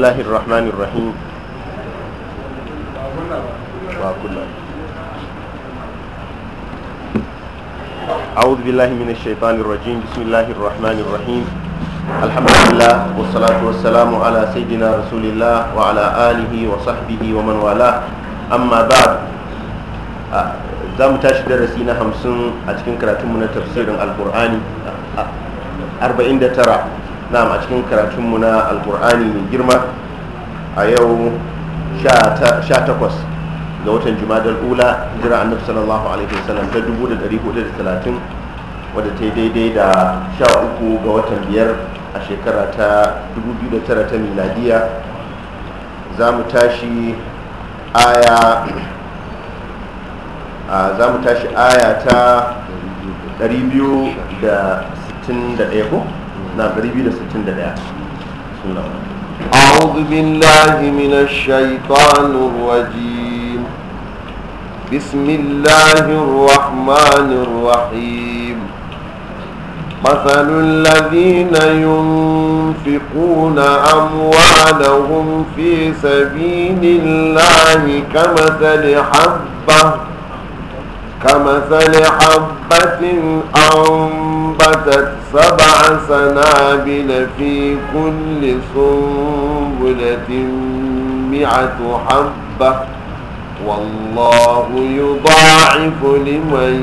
الله الرحمن الرحيم أعوذ بالله من الشيطان الرجيم بسم الله الرحمن الرحيم الحمد لله والصلاة والسلام على سيدنا رسول الله وعلى آله وصحبه ومن والاه أما بعد za mu tashi darasi na hamsin a cikin karatunmu na tafsirin alkur'ani 49 na a cikin karatunmu na alkur'ani mai girma a yau 18 ga watan jumadal ula jira annabi sallallahu alaihi wasallam ta 1430 wadda ta yi daidai da 13 ga watan biyar a shekara ta 2009 ta miladiya za mu tashi aya a za mu tashi aya ta 261 ko na 261 أعوذ بالله من الشيطان الرجيم بسم الله الرحمن الرحيم مثل الذين ينفقون أموالهم في سبيل الله كمثل حبة كمثل حبة أنفقت وأنبتت سبع سنابل في كل سنبلة مئة حبة والله يضاعف لمن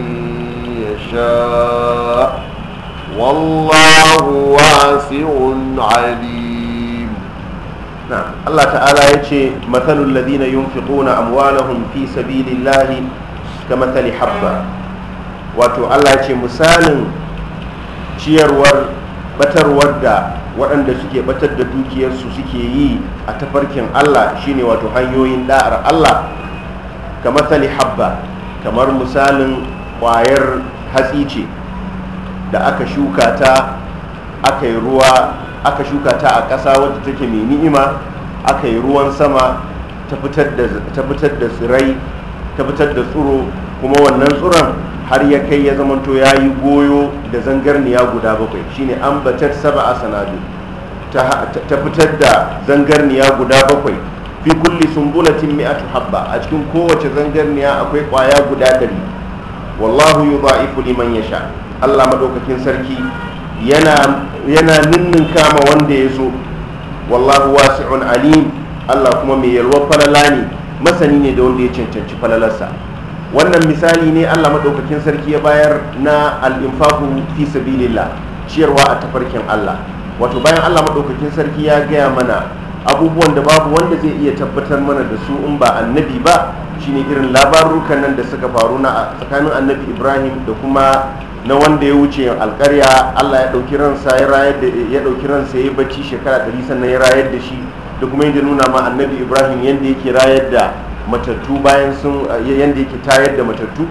يشاء والله واسع عليم نعم الله تعالى يتشي مثل الذين ينفقون أموالهم في سبيل الله كمثل حبة wato allah ce misalin ciyarwar batarwar da waɗanda suke batar da dukiyarsu suke yi a tafarkin Allah shine wato hanyoyin da'ar Allah kamar tali habba kamar misalin ƙwayar hatsi ce da aka shuka ta aka yi ruwa aka shuka ta a ƙasa wadda take mai ni'ima aka yi ruwan sama ta fitar da tsirai ta fitar da tsiro kuma wannan tsuran har ya kai ya zamanto ya yi goyo da zangarniya guda bakwai shine an batar saba a sanadu ta fitar da zangarniya guda bakwai fi kulli sumbulatin mi'atu habba a cikin kowace zangarniya akwai kwaya guda dari wallahu yudha'ifu liman yasha Allah madaukakin sarki yana yana ninnin kama wanda ya so wallahu wasi'un alim Allah kuma mai yalwar falala ne masani ne da wanda ya cancanci falalarsa wannan misali ne allah maɗaukakin sarki ya bayar na al'infaku fi sabilillah ciyarwa a tafarkin allah wato bayan allah maɗaukakin sarki ya gaya mana abubuwan da babu wanda zai iya tabbatar mana da su in ba annabi ba shine irin labarukan nan da suka faru na tsakanin annabi ibrahim da kuma na wanda ya wuce alkarya allah ya ɗauki ransa ya rayar da ya ɗauki ransa ya bacci shekara ɗari sannan ya rayar da shi da kuma yadda nuna ma annabi ibrahim yadda yake rayar da matattu bayan sun yadda yake tayar da matattu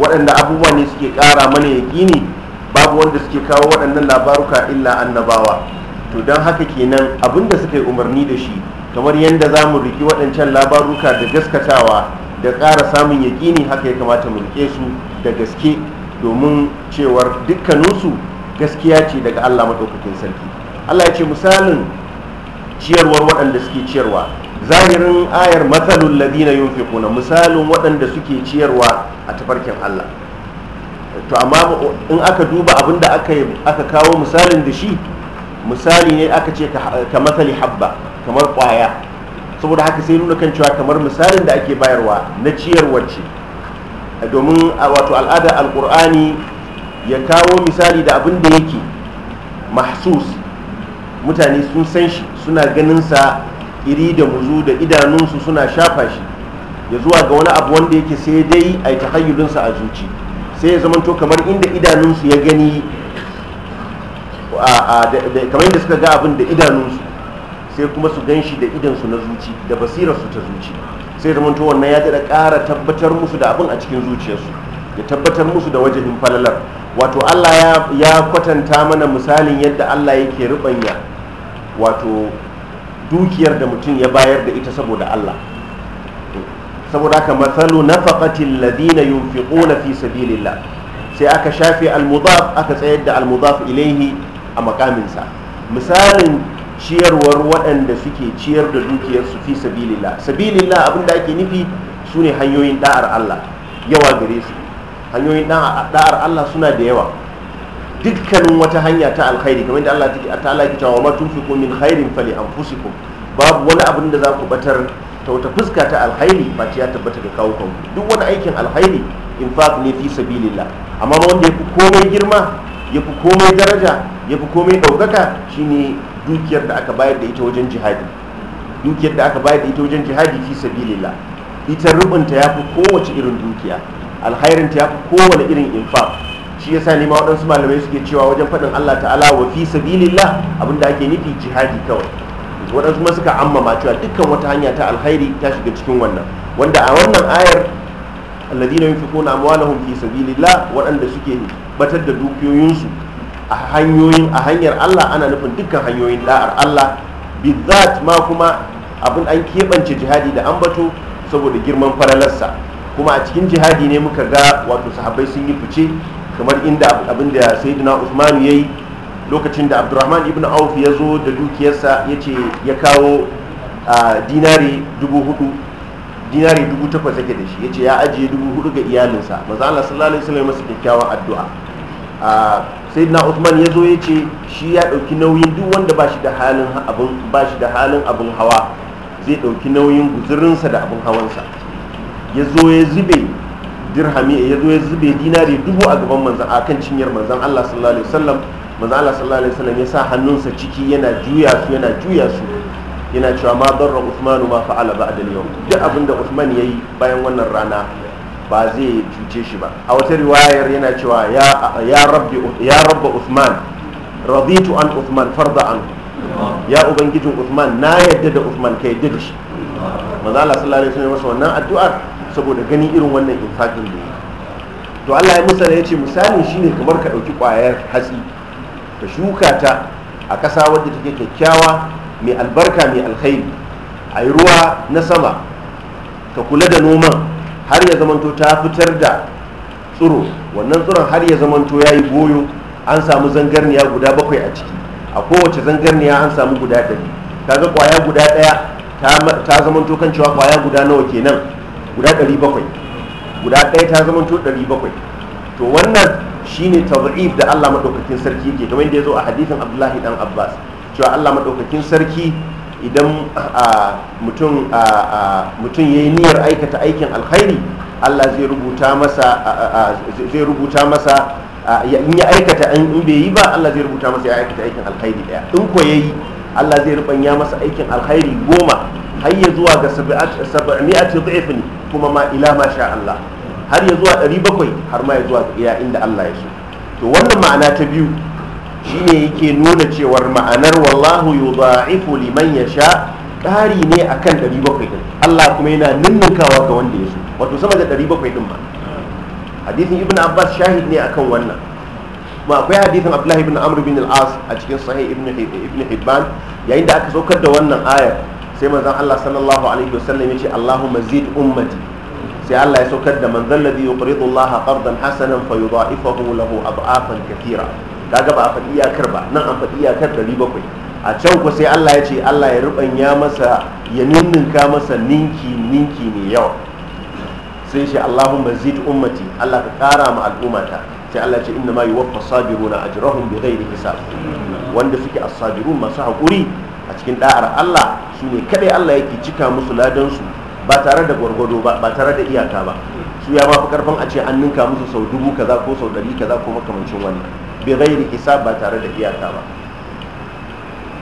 waɗanda abubuwa ne suke ƙara mana yaƙini babu wanda suke kawo waɗannan labaruka illa annabawa to don haka kenan abinda suka yi umarni da shi kamar yadda za mu riki waɗancan labaruka da gaskatawa da ƙara samun yaƙini haka ya kamata mu rike su da gaske domin cewar dukkaninsu gaskiya ce daga allah maɗaukakin sarki allah ya ce misalin ciyarwar waɗanda suke ciyarwa zahirin ayar matsalul ladina kuna misalin waɗanda suke ciyarwa a tafarkin Allah to amma in aka duba abinda aka aka kawo misalin da shi misali ne aka ce ka matsali habba kamar ƙwaya, saboda haka sai nuna kan cewa kamar misalin da ake bayarwa na ciyarwar ce domin wato al'adar alkur'ani ya kawo misali da abin da yake mahsus mutane sun san shi suna ganin sa iri da muzu da idanunsu suna shafa shi ya zuwa ga wani abu wanda yake sai dai a yi tahayyulinsa a zuci sai ya zamanto kamar inda idanunsu ya gani kamar inda suka ga abin da idanunsu sai kuma su gan shi da idansu na zuci da basirarsu ta zuci sai zamanto wannan ya daɗa ƙara tabbatar musu da abin a cikin zuciyarsu ya tabbatar musu da wajen falalar wato allah ya kwatanta mana misalin yadda allah yake ruɓanya wato dukiyar da mutum ya bayar da ita saboda Allah saboda haka matsalu faƙatin ladina yunfiquna fi sabilillah sai aka shafe almudaf aka tsayar da almudaf ilaihi a makaminsa misalin ciyarwar waɗanda suke ciyar da dukiyarsu fi sabilillah sabilillah abinda ake nufi su ne hanyoyin da'ar Allah yawa gare su hanyoyin da'ar Allah suna da yawa dukkanin wata hanya ta alkhairi kamar da Allah ta'ala ke cewa ma tunfiqu min khairin fali anfusikum babu wani abin da za ku batar ta wata fuska ta alkhairi ba ta tabbata ga kawo kanku duk wani aikin alkhairi infaq ne fi sabilillah amma wanda yafi komai girma yafi komai daraja yafi komai daukaka shine dukiyar da aka bayar da ita wajen jihadi dukiyar da aka bayar da ita wajen jihadi fi sabilillah ita rubunta yafi kowace irin dukiya ta yafi kowane irin infaq shi yasa nima waɗansu malamai suke cewa wajen faɗin Allah ta'ala wa fi sabilillah abinda ake nufi jihadi kawai waɗansu kuma suka amma cewa dukkan wata hanya ta alkhairi ta shiga cikin wannan wanda a wannan ayar alladina yunfiquna amwalahum fi sabilillah waɗanda suke batar da dukiyoyinsu a hanyoyin a hanyar Allah ana nufin dukkan hanyoyin da'ar Allah bizat ma kuma abin an keɓance jihadi da ambato saboda girman faralarsa kuma a cikin jihadi ne muka ga wato sahabbai sun yi fice kamar inda abin da sayyidina usman ya yi lokacin da abdurrahman ibn auf ya zo da dukiyarsa ya ce ya kawo dinari dubu hudu dinari dubu takwas yake da shi ya ce ya ajiye dubu hudu ga iyalinsa maza Allah sallallahu alaihi wasallam masa kyakkyawan addu'a sayyidina usman ya zo ya ce shi ya ɗauki nauyin duk wanda ba shi da halin abin ba da halin abun hawa zai ɗauki nauyin guzurinsa da abin hawansa ya zo ya zube dirhami ya zo ya zube dinari dubu a gaban manzan a kan cinyar manzan Allah sallallahu alaihi wasallam manzan Allah sallallahu alaihi wasallam ya sa hannunsa ciki yana juya su yana juya su yana cewa ma darra usman ma fa'ala ba'da yau duk abin da Usman yayi bayan wannan rana ba zai cuce shi ba a wata riwayar yana cewa ya ya rabbi ya rabba Usman raditu an Usman farda an ya ubangijin Usman na yadda da Usman ka yadda da shi manzan Allah sallallahu alaihi wasallam wannan addu'ar saboda ganin irin wannan infaqin da yi to Allah ya musala ya ce misalin shine kamar ka ɗauki ƙwayar hatsi ka shuka ta a ƙasa wadda take kyakkyawa mai albarka mai alkhairi a yi ruwa na sama ka kula da noman har ya zamanto ta fitar da tsoro. wannan tsiron har ya zamanto ya yi goyo an samu zangarniya guda bakwai a ciki a kowace zangarniya an samu guda ɗari kaga ƙwaya guda ɗaya ta zamanto kan cewa ƙwaya guda nawa kenan guda 700 guda ɗaya ta zama to 700 to wannan shine tad'if da Allah madaukakin sarki yake kamar yadda zo a hadisin Abdullahi dan Abbas cewa Allah madaukakin sarki idan mutum mutum yayi niyyar aikata aikin alkhairi Allah zai rubuta masa zai rubuta masa in ya aikata in bai yi ba Allah zai rubuta masa ya aikata aikin alkhairi daya in ko yayi Allah zai rubanya masa aikin alkhairi goma har ya zuwa ga sab'ati dhifni kuma ma ila ma sha Allah har ya zuwa 700 har ma ya zuwa ya inda Allah ya so to wannan ma'ana ta biyu shine yake nuna cewar ma'anar wallahu yudha'ifu liman yasha ƙari ne akan 700 din Allah kuma yana ninninkawa ga wanda ya so wato sama da 700 din ma hadisin ibn abbas shahid ne akan wannan ma akwai hadisin abdullahi ibn amr bin al-as a cikin sahih ibn hibban yayin da aka saukar da wannan ayar sai manzon Allah sallallahu alaihi wasallam ya ce Allahumma zid ummati sai Allah ya saukar da manzon ladhi yuqridu Allah qardan hasanan fa yudha'ifahu lahu ad'afan kathira kaga ba a faɗi iyakar ba nan an faɗi iyakar 700 a can ku sai Allah ya ce Allah ya rubanya masa ya ninninka masa ninki ninki ne yawa sai shi Allahumma zid ummati Allah ka kara ma al'ummata sai Allah ce inna ma yuwaffa sabiruna ajrahum bighairi hisab wanda suke as-sabirun masu haƙuri a cikin da'ar Allah ne kadai Allah yake cika musu ladan su ba tare da gwargwado ba ba tare da iyaka ba su ya mafi karfin a ce an ninka musu sau dubu kaza ko sau dari kaza ko makamancin wani bai gairi isa ba tare da iyaka ba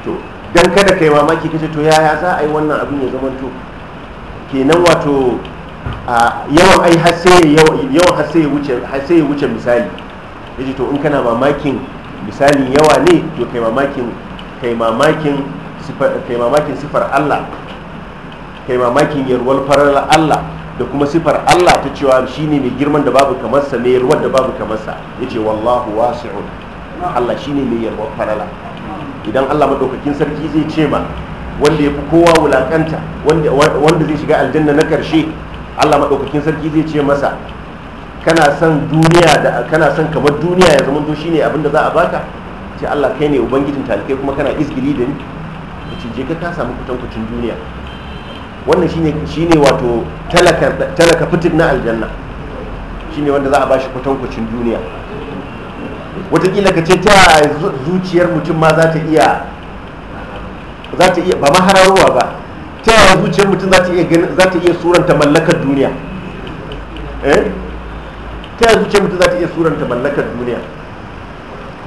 to dan kada kai mamaki ce to yaya za a yi wannan abin ya zama to kenan wato yawan ai har yawan ya wuce misali ya wuce to in kana mamakin misali yawa ne to kai mamakin kai mamakin kai mamakin sifar Allah kai mamakin yarwar farar Allah da kuma sifar Allah ta cewa shi ne mai girman da babu kamarsa ne mai yarwar da babu kamarsa ya yace wallahu wasi'un Allah shi ne mai yarwar farar idan Allah madaukakin sarki zai ce ma wanda ya fi kowa wulakanta wanda zai shiga aljanna na karshe allah maɗaukakin sarki zai ce masa kana son duniya da kana son kamar duniya ya zama to shine abin da za a baka ce allah kai ne ubangijin talikai kuma kana izgili da ni ta cije ka ta samu kutankucin duniya wannan shine shine wato talaka talaka na aljanna shine wanda za a bashi kutankucin duniya watakila ka ce ta zuciyar mutum ma za ta iya za ta iya ba ma ba ta yaya zuciyar mutum za ta iya za ta iya suranta mallakar duniya eh ta yaya zuciyar mutum za ta iya suranta mallakar duniya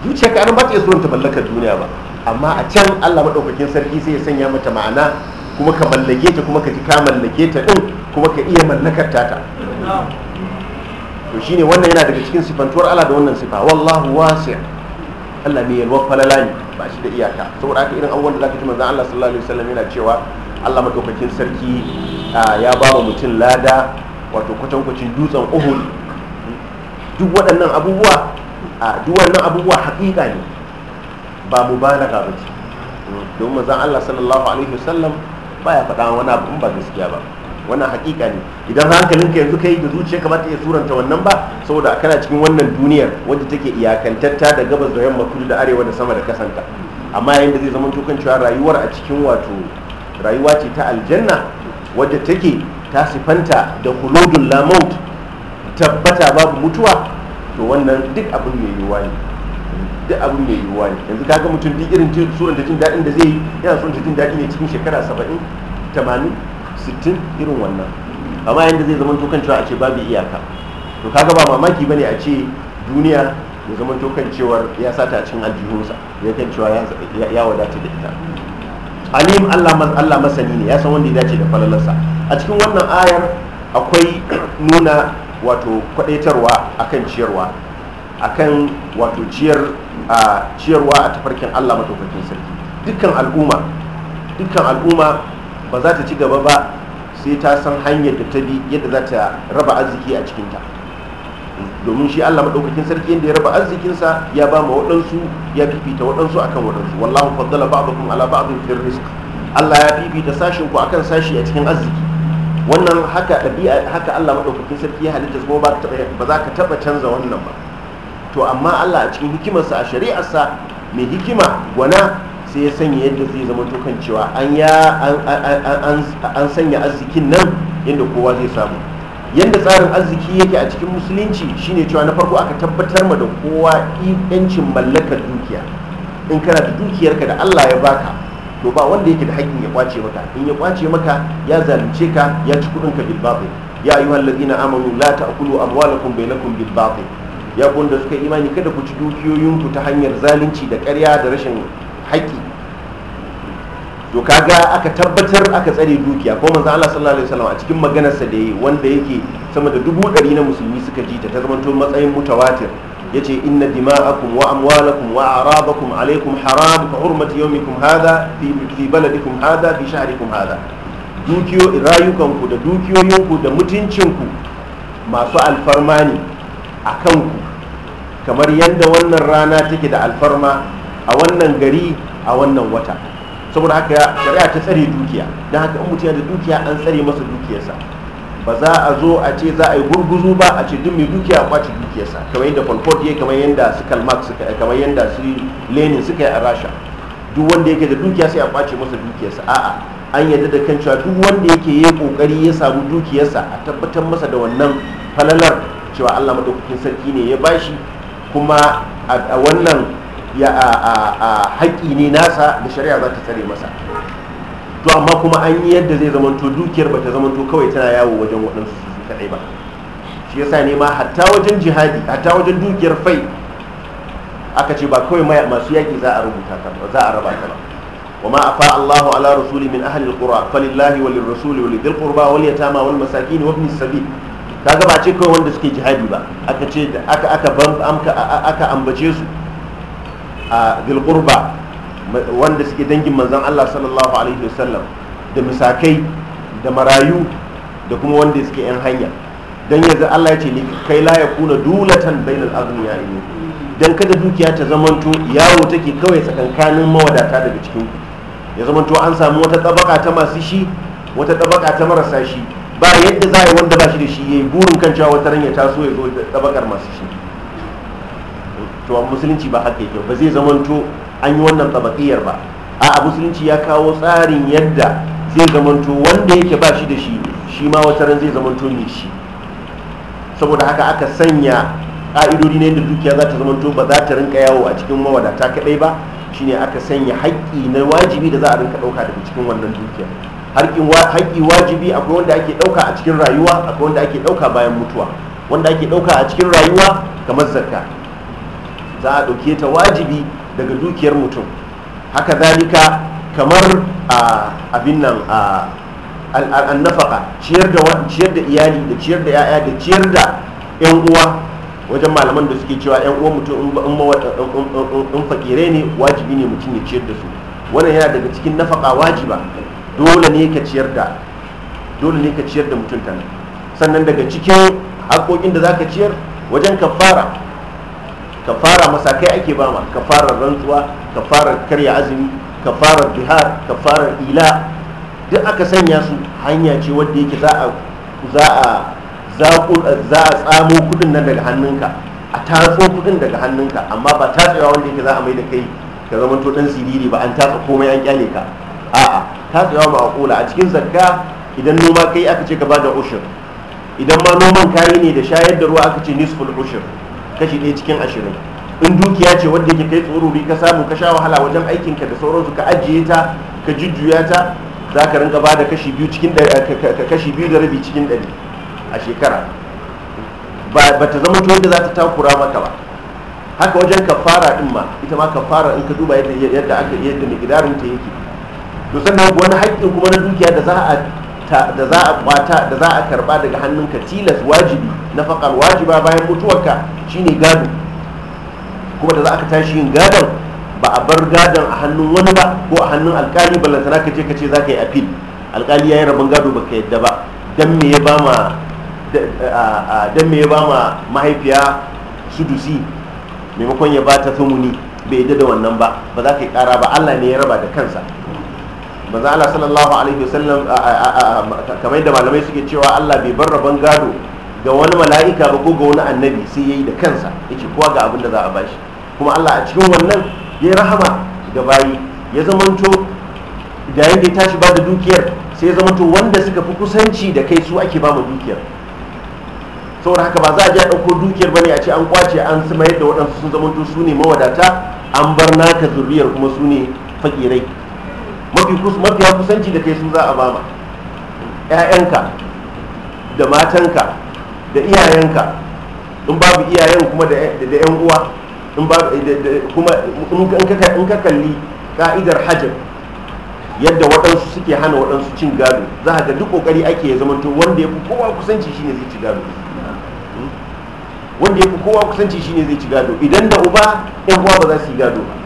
zuciyar ka ba ta iya suranta mallakar duniya ba amma a can Allah maɗaukakin sarki sai ya sanya mata ma'ana kuma ka mallake ta kuma ka ji ka mallake ta ɗin kuma ka iya mallakar ta ta to shine wannan yana daga cikin sifantuwar Allah da wannan sifa wallahu wasi' Allah mai yalwar falala ba shi da iyaka saboda haka irin abubuwan da zaka ji manzon Allah sallallahu alaihi wasallam yana cewa Allah maɗaukakin sarki ya ba mu mutum lada wato kwacin dutsen Uhud duk waɗannan abubuwa duk waɗannan abubuwa haƙiƙa ne ba mubalaga ba ce domin manzon Allah sallallahu alaihi wasallam baya faɗa wani abu ba gaskiya ba wannan hakika ne idan hankalinka yanzu kai da zuciya kamata ya suranta wannan ba saboda kana cikin wannan duniyar wadda take iyakantatta da gabas da yamma kudu da arewa da sama da kasanta amma yayin da zai zama tukan cewa rayuwar a cikin wato rayuwa ce ta aljanna wadda take ta sifanta da huludun lamaut tabbata babu mutuwa to wannan duk abin mai yiwuwa ne duk abin mai yiwuwa ne yanzu kaga mutum duk irin da jin daɗin da zai yi yana da jin daɗi ne cikin shekara saba'in tamanin sittin irin wannan amma yanda zai zama tokan cewa a ce babu iyaka to kaga ba mamaki bane a ce duniya ya zama tokan cewar ya sata cikin aljihunsa ya kan cewa ya wadace da ita alim allah masani ne ya san wanda ya dace da falalarsa a cikin wannan ayar akwai nuna wato kwadaitarwa akan ciyarwa akan wato ciyar a ciyarwa a tafarkin Allah madaukakin sarki dukkan al'umma dukkan al'umma ba za ta ci gaba ba sai ta san hanyar da ta bi yadda za ta raba arziki a cikinta domin shi Allah madaukakin sarki yadda ya raba arzikinsa ya ba ma waɗansu ya fifita waɗansu akan waɗansu wallahu faddala ba'dakum ala ba'din fil rizq Allah ya fifita sashin ku akan sashi a cikin arziki wannan haka ɗabi'a haka Allah madaukakin sarki ya halitta ba za ka taɓa canza wannan ba to amma Allah a cikin hikimarsa a shari'arsa mai hikima gwana sai ya sanya yadda zai zama tukan cewa an sanya arzikin nan yadda kowa zai samu yadda tsarin arziki yake a cikin musulunci shine cewa na farko aka tabbatar ma da kowa yancin mallakar dukiya in kana da dukiyarka da Allah ya baka to ba wanda yake da haƙƙin ya kwace maka in ya kwace maka ya zalunce ka ya ci kuɗin ka bil batil ya ayyuhal ta amanu la ta'kulu amwalakum bainakum bil batil ya da suka imani kada ku ci dukiyoyinku ta hanyar zalunci da ƙarya da rashin haƙƙi to kaga aka tabbatar aka tsare dukiya ko manzo Allah sallallahu alaihi wasallam a cikin maganarsa da yayi wanda yake sama da dubu ɗari na musulmi suka ji ta ta zamanto matsayin mutawatir yace inna dima'akum wa amwalakum wa a'radakum alaikum haram ka hurmati yawmikum hadha fi fi baladikum hadha fi sha'rikum hadha dukiyo rayukanku da dukiyoyinku da mutuncinku masu alfarma ne a kanku kamar yadda wannan rana take da alfarma a wannan gari a wannan wata saboda haka shari'a ta tsare dukiya don haka in mutum da dukiya an tsare masa dukiyarsa ba za a zo a ce za a yi gurguzu ba a ce duk mai dukiya a kwace dukiyarsa kamar yadda pol ya kamar yadda su kalmak suka kamar yadda su lenin suka yi a rasha duk wanda yake da dukiya sai a kwace masa dukiyarsa a'a an yadda da kan cewa duk wanda yake yi kokari ya samu dukiyarsa a tabbatar masa da wannan falalar cewa Allah madaukakin sarki ne ya bashi kuma a wannan ya a haƙƙi ne nasa da shari'a za ta tsare masa to amma kuma an yi yadda zai zamanto dukiyar ba ta zamanto kawai tana yawo wajen waɗansu su kaɗai ba shi yasa ne ma hatta wajen jihadi hatta wajen dukiyar fai aka ce ba kawai masu yaƙi za a rubuta ta za a raba ta ba وما أفاء الله على رسول من أهل القرى فلله وللرسول ولذي القربى واليتامى والمساكين وابن السبيل kaga ba ce kawai wanda suke jihadi ba aka ce aka aka ambace su a bilkurba wanda suke dangin manzon Allah sallallahu alaihi wasallam da misakai da marayu da kuma wanda suke yan hanya don yanzu Allah ya ce ni kai la kuna dulatan bainal aghniya don kada dukiya ta zamanto yawo take kawai tsakankanin mawadata daga cikin ya zamanto an samu wata tabaka ta masu shi wata tabaka ta marasa shi ba yadda za a yi wanda ba shi da shi ya yi burin kan cewa wata ran ya taso ya zo da tabakar masu shi to musulunci ba haka yake ba zai to an yi wannan tabakiyar ba a musulunci ya kawo tsarin yadda zai to wanda yake ba shi da shi shi ma wata ran zai to ne shi saboda haka aka sanya ƙa'idodi ne da dukiya za ta zamanto ba za ta rinka yawo a cikin mawadata kaɗai ba shine aka sanya haƙƙi na wajibi da za a rinka ɗauka daga cikin wannan dukiya haƙƙi wajibi akwai wanda ake ɗauka a cikin rayuwa akwai wanda ake ɗauka bayan mutuwa wanda ake ɗauka a cikin rayuwa kamar zakka za a ɗauke ta wajibi daga dukiyar mutum haka zalika kamar abin nan annafaka ciyar da iyali da ciyar da 'ya'ya da ciyar da 'yan uwa wajen malaman da suke cewa 'yan uwa mutum in fakire ne wajibi ne mutum ya ciyar da su wannan yana daga cikin nafaka wajiba dole ne ka ciyar da dole ne ka ciyar da mutum sannan daga cikin haƙoƙin da za ka ciyar wajen ka fara, kafara fara masakai ake bama fara rantsuwa ka fara karya azumi ka fara bihar fara ila duk aka sanya su hanya ce wadda yake za a za a za a tsamo kudin nan daga hannunka a tatso kudin daga hannunka amma ba tatsewa wanda yake za a mai da kai ka zama to dan siriri ba an tatsa komai an kyale ka a'a ta da ma'aqula a cikin zakka idan noma kai aka ce ka ba da ushur idan ma noman kayi ne da shayar da ruwa aka ce nisful ushir kashi ɗaya cikin ashirin in dukiya ce wadda ke kai tsoruri ka samu ka sha wahala wajen aikin ka da sauransu ka ajiye ta ka jujjuya ta za ka rinka bada kashi biyu cikin kashi biyu da rabi cikin ɗari a shekara ba ta zama tuwon da za ta takura maka ba haka wajen kafara ɗin ma ita ma kafara in ka duba yadda aka yadda gidarin ta yake to sannan wani haƙƙin kuma na dukiya da za a da za a kwata da za a karba daga hannunka tilas wajibi na faƙar wajiba bayan mutuwarka shine gado kuma da za ka tashi yin gadon ba a bar gadon a hannun wani ba ko a hannun alkali ballantana ka je ka ce za ka yi apil alkali ya yi rabon gado ba ka yadda ba don me ya ba ma mahaifiya. su ya mahaifiya sudusi maimakon ya ba ta sumuni bai yadda da wannan ba ba za ka yi kara ba allah ne ya raba da kansa manzo Allah sallallahu alaihi wasallam kamar yadda malamai suke cewa Allah bai bar rabon gado ga wani mala'ika ba ko ga wani annabi sai yayi da kansa yace kowa ga abin da za a bashi kuma Allah a cikin wannan ya rahama ga bayi ya zamanto da yadda ya tashi ba da dukiyar sai ya zamanto wanda suka fi kusanci da kai su ake ba mu dukiyar saboda haka ba za a ji a ɗauko dukiyar bane a ce an kwace an mayar da waɗansu sun zamanto su ne mawadata an bar naka zuriyar kuma su ne fakirai mafiya kusanci da kai su za a bama ƴaƴanka da matanka da iyayenka in babu iyayen kuma da ‘yan uwa in ka kalli ka'idar hajjar yadda waɗansu suke hana waɗansu cin gado za a ga duk ƙoƙari ake ya zamanto wanda ya fi kowa kusanci ne zai ci gado hmm? wanda ya fi kowa kusanci ne zai ci gado idan da uba ‘yan uwa ba za su yi gado ba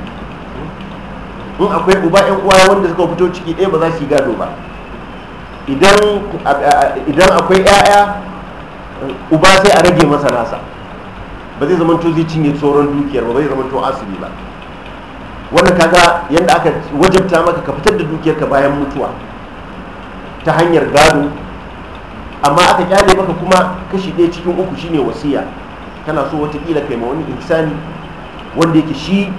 in akwai uba yan uwa wanda suka fito ciki ɗaya ba za su yi gado ba idan akwai ƴaƴa uba sai a rage masa nasa ba zai zamanto zai cinye tsoron dukiyar ba ba zai zamanto asibi ba wannan kaga yadda aka wajabta maka ka fitar da dukiyar ka bayan mutuwa ta hanyar gado amma aka kyale maka kuma kashi ɗaya cikin uku shine wasiya kana so watakila kai ma wani insani wanda yake shi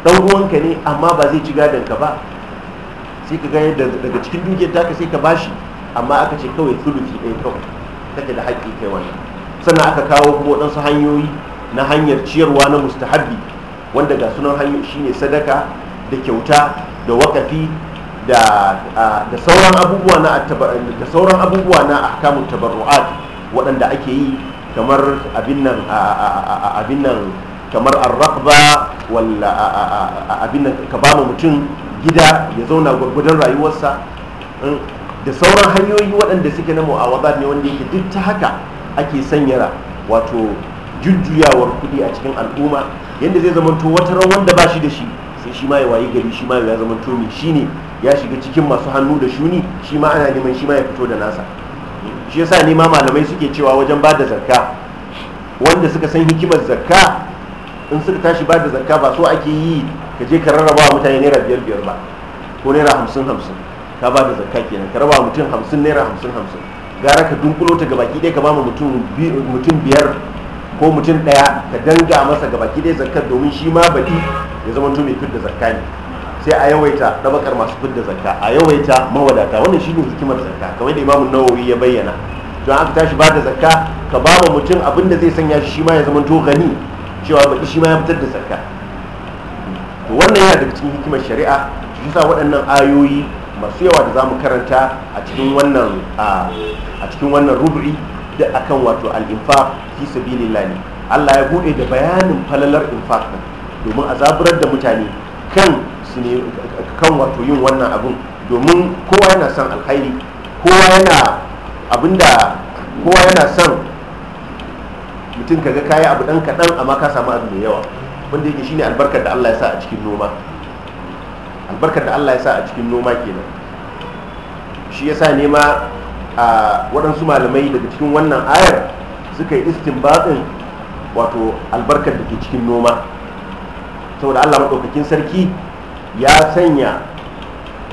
dan uwanka ne amma ba zai ci gadon ka ba sai ka gane daga cikin dukiyar taka sai ka bashi amma aka ce kawai sulusi ɗaya kawai take da haƙƙi kai wannan sannan aka kawo kuma waɗansu hanyoyi na hanyar ciyarwa na mustahabbi wanda ga sunan hanyoyi shine sadaka da kyauta da wakafi da sauran abubuwa na da sauran abubuwa na tabarru'at waɗanda ake yi kamar abin nan abin nan kamar arrahba wala abin da ka bamu mutum gida ya zauna gwargwadon rayuwarsa mm, da sauran hanyoyi waɗanda suke na mu'awaza ne wanda yake duk ta haka ake sanya wato jujjuyawar kuɗi a cikin al'umma yadda zai zamanto wata ran wanda ba shi da shi sai shi ma ya wayi gari shi ma ya zamanto mai shi ne ya shiga cikin masu hannu da shuni shi ma ana neman shi ma ya fito da nasa shi yasa ne ma malamai suke cewa wajen ba da zakka wanda suka san hikimar zakka in suka tashi ba da zakka ba so ake yi ka je ka rarraba wa mutane naira biyar biyar ba ko naira hamsin hamsin ka ba da zakka kenan ka raba mutum hamsin naira hamsin hamsin gara ka dunkulo ta gabaki ɗaya ka ba mu mutum biyar ko mutum ɗaya ka danga masa gabaki ɗaya zakkar domin shi ma baɗi ya zama mai fidda zakka ne sai a yawaita ɗabakar masu fidda zakka a yawaita mawadata wannan shi ne hikimar zakka kamar da imamun nawawi ya bayyana don aka tashi ba da zakka ka ba mutum abin da zai sanya shi ma ya zama to gani cewa baɗi shi ma ya fitar da zakka to wannan yana daga cikin hikimar shari'a shi sa waɗannan ayoyi masu yawa da za mu karanta a cikin wannan a cikin wannan rubri da akan wato al-infaq fi sabilillah ne Allah ya bude da bayanin falalar infaq din domin a zaburar da mutane kan su ne kan wato yin wannan abun domin kowa yana son alkhairi kowa yana abinda kowa yana son mutum ka ga kayi abu dan kaɗan amma ka samu abu mai yawa wanda yake shine albarkar da Allah ya sa a cikin noma albarkar da Allah ya sa a cikin noma kenan shi yasa nema a waɗansu malamai daga cikin wannan ayar suka yi istinbatin wato albarkar da ke cikin noma saboda Allah maɗaukakin sarki ya sanya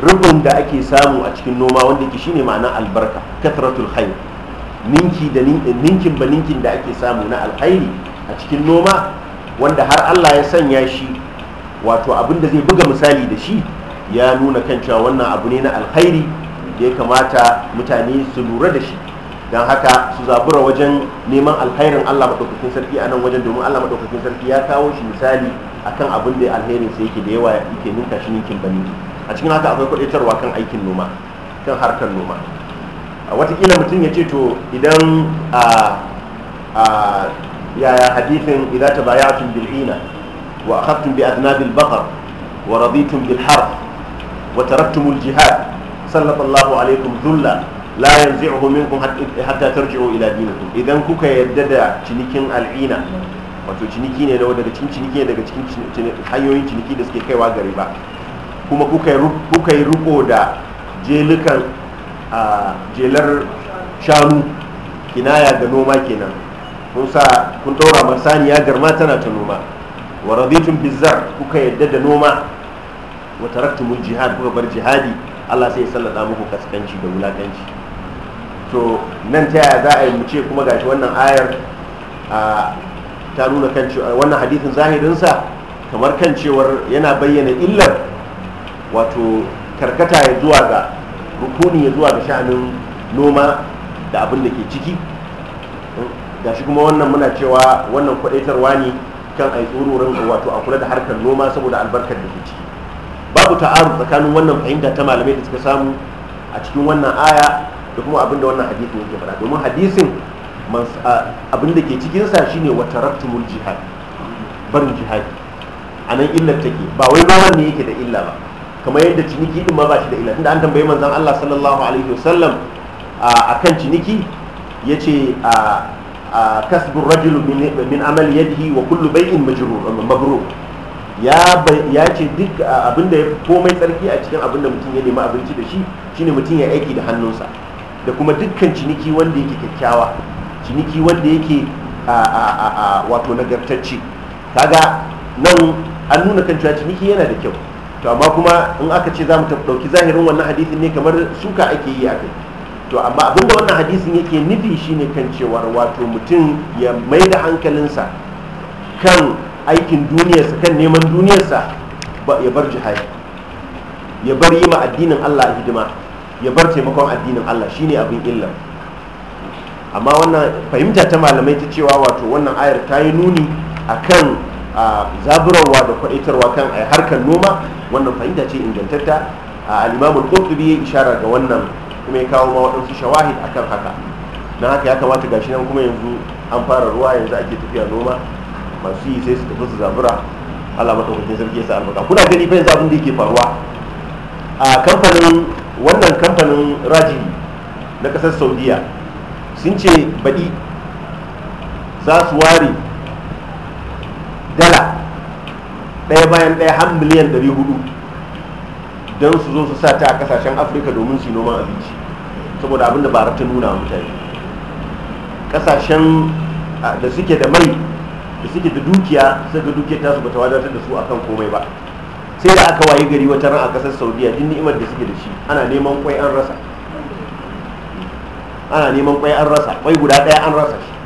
rubin da ake samu a cikin noma wanda yake shine ma'ana albarka kathratul khair ninki eh, ninkin ba ninkin da ake samu na alkhairi a cikin noma wanda har Allah ya sanya shi wato abin da zai buga misali da shi ya nuna kan cewa wannan abu ne na alkhairi da ya kamata mutane su lura da shi don haka su zabura wajen neman alkhairin Allah maɗaukakin sarki a nan wajen domin Allah maɗaukakin sarki ya kawo shi misali akan abin da alherin sa yake da yawa yake ninka shi ninkin ba ninkin. a cikin haka akwai kuɗaitarwa kan aikin noma kan harkar noma watakila mutum ya ce to idan a yaya hadithin idan ta baya tun bil'ina wa akhaftun bi adnabil bakar wa raditun bil harf wa taraktumul jihad sallallahu alaikum dhulla la yanzi'uhu minkum hatta tarji'u ila dinikum idan kuka yadda da cinikin al'ina wato ciniki ne daga cikin ciniki ne daga cikin hanyoyin ciniki da suke kaiwa gari ba kuma kuka yi ruko da jelukan a jelar shanu kinaya ga noma kenan kun sa kun ɗora masaniya garma tana ta noma wa raditun bizar kuka yadda da noma wa taraktumul jihad kuka bar jihadi Allah sai ya sallada muku kaskanci da wulakanci to nan ta yaya za a yi mu ce kuma gashi wannan ayar ta nuna kan cewa wannan hadithin zahirinsa kamar kan cewar yana bayyana illar wato karkata ya zuwa ga rukuni ya zuwa ga sha'anin noma da abin da ke ciki ga shi kuma wannan muna cewa wannan kwadaitarwa ne kan a yi tsororin wato a kula da harkar noma saboda albarkar da ke ciki babu ta'aru tsakanin wannan fahimta ta malamai da suka samu a cikin wannan aya da kuma abin da wannan hadisin yake faɗa domin hadisin abin da ke cikinsa shine wa raftumul jihad barin jihadi a nan illar take ba wai ba ne yake da illa ba kamar yadda ciniki din ma ba shi da ila tunda an tambayi manzon Allah sallallahu alaihi wasallam akan ciniki yace kasbu rajul min amal yadihi wa kullu bay'in majrur mabrur ya ya ce duk abinda ya komai tsarki a cikin abinda mutum ya nemi abinci da shi shine mutum ya aiki da hannunsa da kuma dukkan ciniki wanda yake kyakkyawa ciniki wanda yake wato nagartacce kaga nan an nuna kan cewa ciniki yana da kyau to amma kuma in aka ce za mu ɗauki zahirin wannan hadisin ne kamar suka ake yi kai to amma abinda wannan hadisin yake nufi shine kan cewar wato mutum ya mai da hankalinsa kan aikin duniyarsa kan neman duniyarsa ya bar jihadi ya bar yi ma addinin Allah hidima ya bar taimakon addinin Allah shine abin illa amma wannan fahimta ta malamai ta cewa wato wannan ayar ta yi nuni akan a zaburarwa da kwaɗaitarwa kan a eh, harkar noma wannan fahimta ce ingantatta al'imamun ƙurtubi ya ishara ga wannan kuma ya kawo ma waɗansu shawahid akan haka don haka ya kamata gashi nan kuma yanzu an fara ruwa yanzu ake tafiya noma masu yi sai su tafi su zabura allah sarki ya sa albarka kuna gani fa yanzu abin da yake faruwa a kamfanin wannan kamfanin raji na ƙasar saudiya sun ce baɗi za su ware dala ɗaya bayan ɗaya har miliyan 400 don su zo su sa ta a kasashen afirka domin su noman abinci saboda abin da bara ta nuna mutane kasashen da suke da mai da suke da dukiya sai ga ta tasu bata wadatar da su akan komai ba sai da aka wayi gari wata ran a kasar saudiya jini ni'imar da suke da shi ana neman kwai an rasa ana neman kwai an rasa kwai guda ɗaya an rasa shi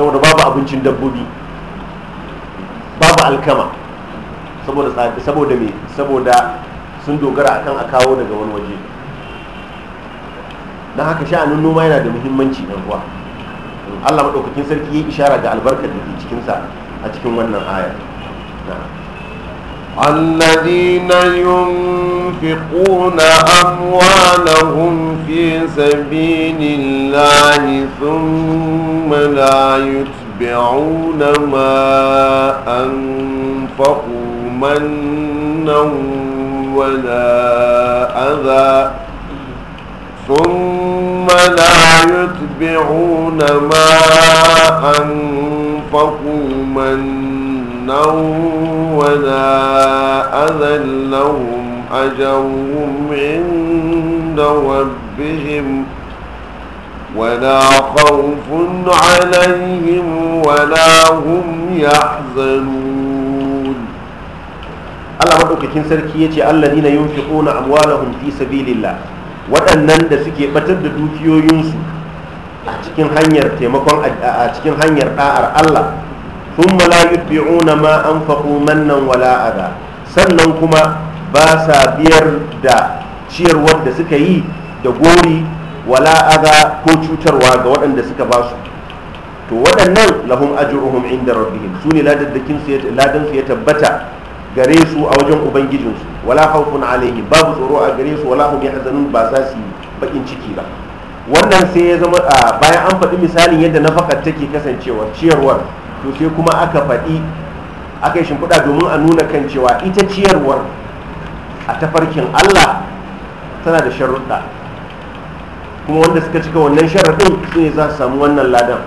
saboda babu abincin dabbobi babu alkama saboda saboda me saboda sun dogara akan a kawo daga wani waje don haka sha'anin noma yana da muhimmanci na kuwa Allah maɗaukakin sarki ya ishara ga albarkar da ke cikinsa a cikin wannan ayar. الذين ينفقون أموالهم في سبيل الله ثم لا يتبعون ما أنفقوا منا ولا أذى ثم لا يتبعون ما أنفقوا منا حسنا ولا أذى لهم أجرهم عند ربهم ولا خوف عليهم ولا هم يحزنون الله مدوكاكين سركي يتي الذين ينفقون أموالهم في سبيل الله waɗannan da suke batar da dukiyoyinsu a cikin hanyar taimakon a cikin hanyar ɗa'ar Allah thumma la yutbi'una ma anfaqu mannan wala adha sannan kuma ba sa biyar da ciyarwar da suka yi da gori wala adha ko cutarwa ga waɗanda suka ba su to waɗannan lahum ajruhum inda rabbihim su ne ladaddakin su ya tabbata gare su a wajen ubangijinsu wala khawfun alaihim babu tsoro a gare su wala hum yahzanun ba za su yi bakin ciki ba wannan sai ya zama bayan an faɗi misalin yadda nafakar take kasancewa ciyarwar to sai kuma aka faɗi aka yi shimfiɗa domin a nuna kan cewa ita ciyarwar a tafarkin allah tana da sharuɗa kuma wanda suka cika wannan sharaɗin su ne za su samu wannan ladan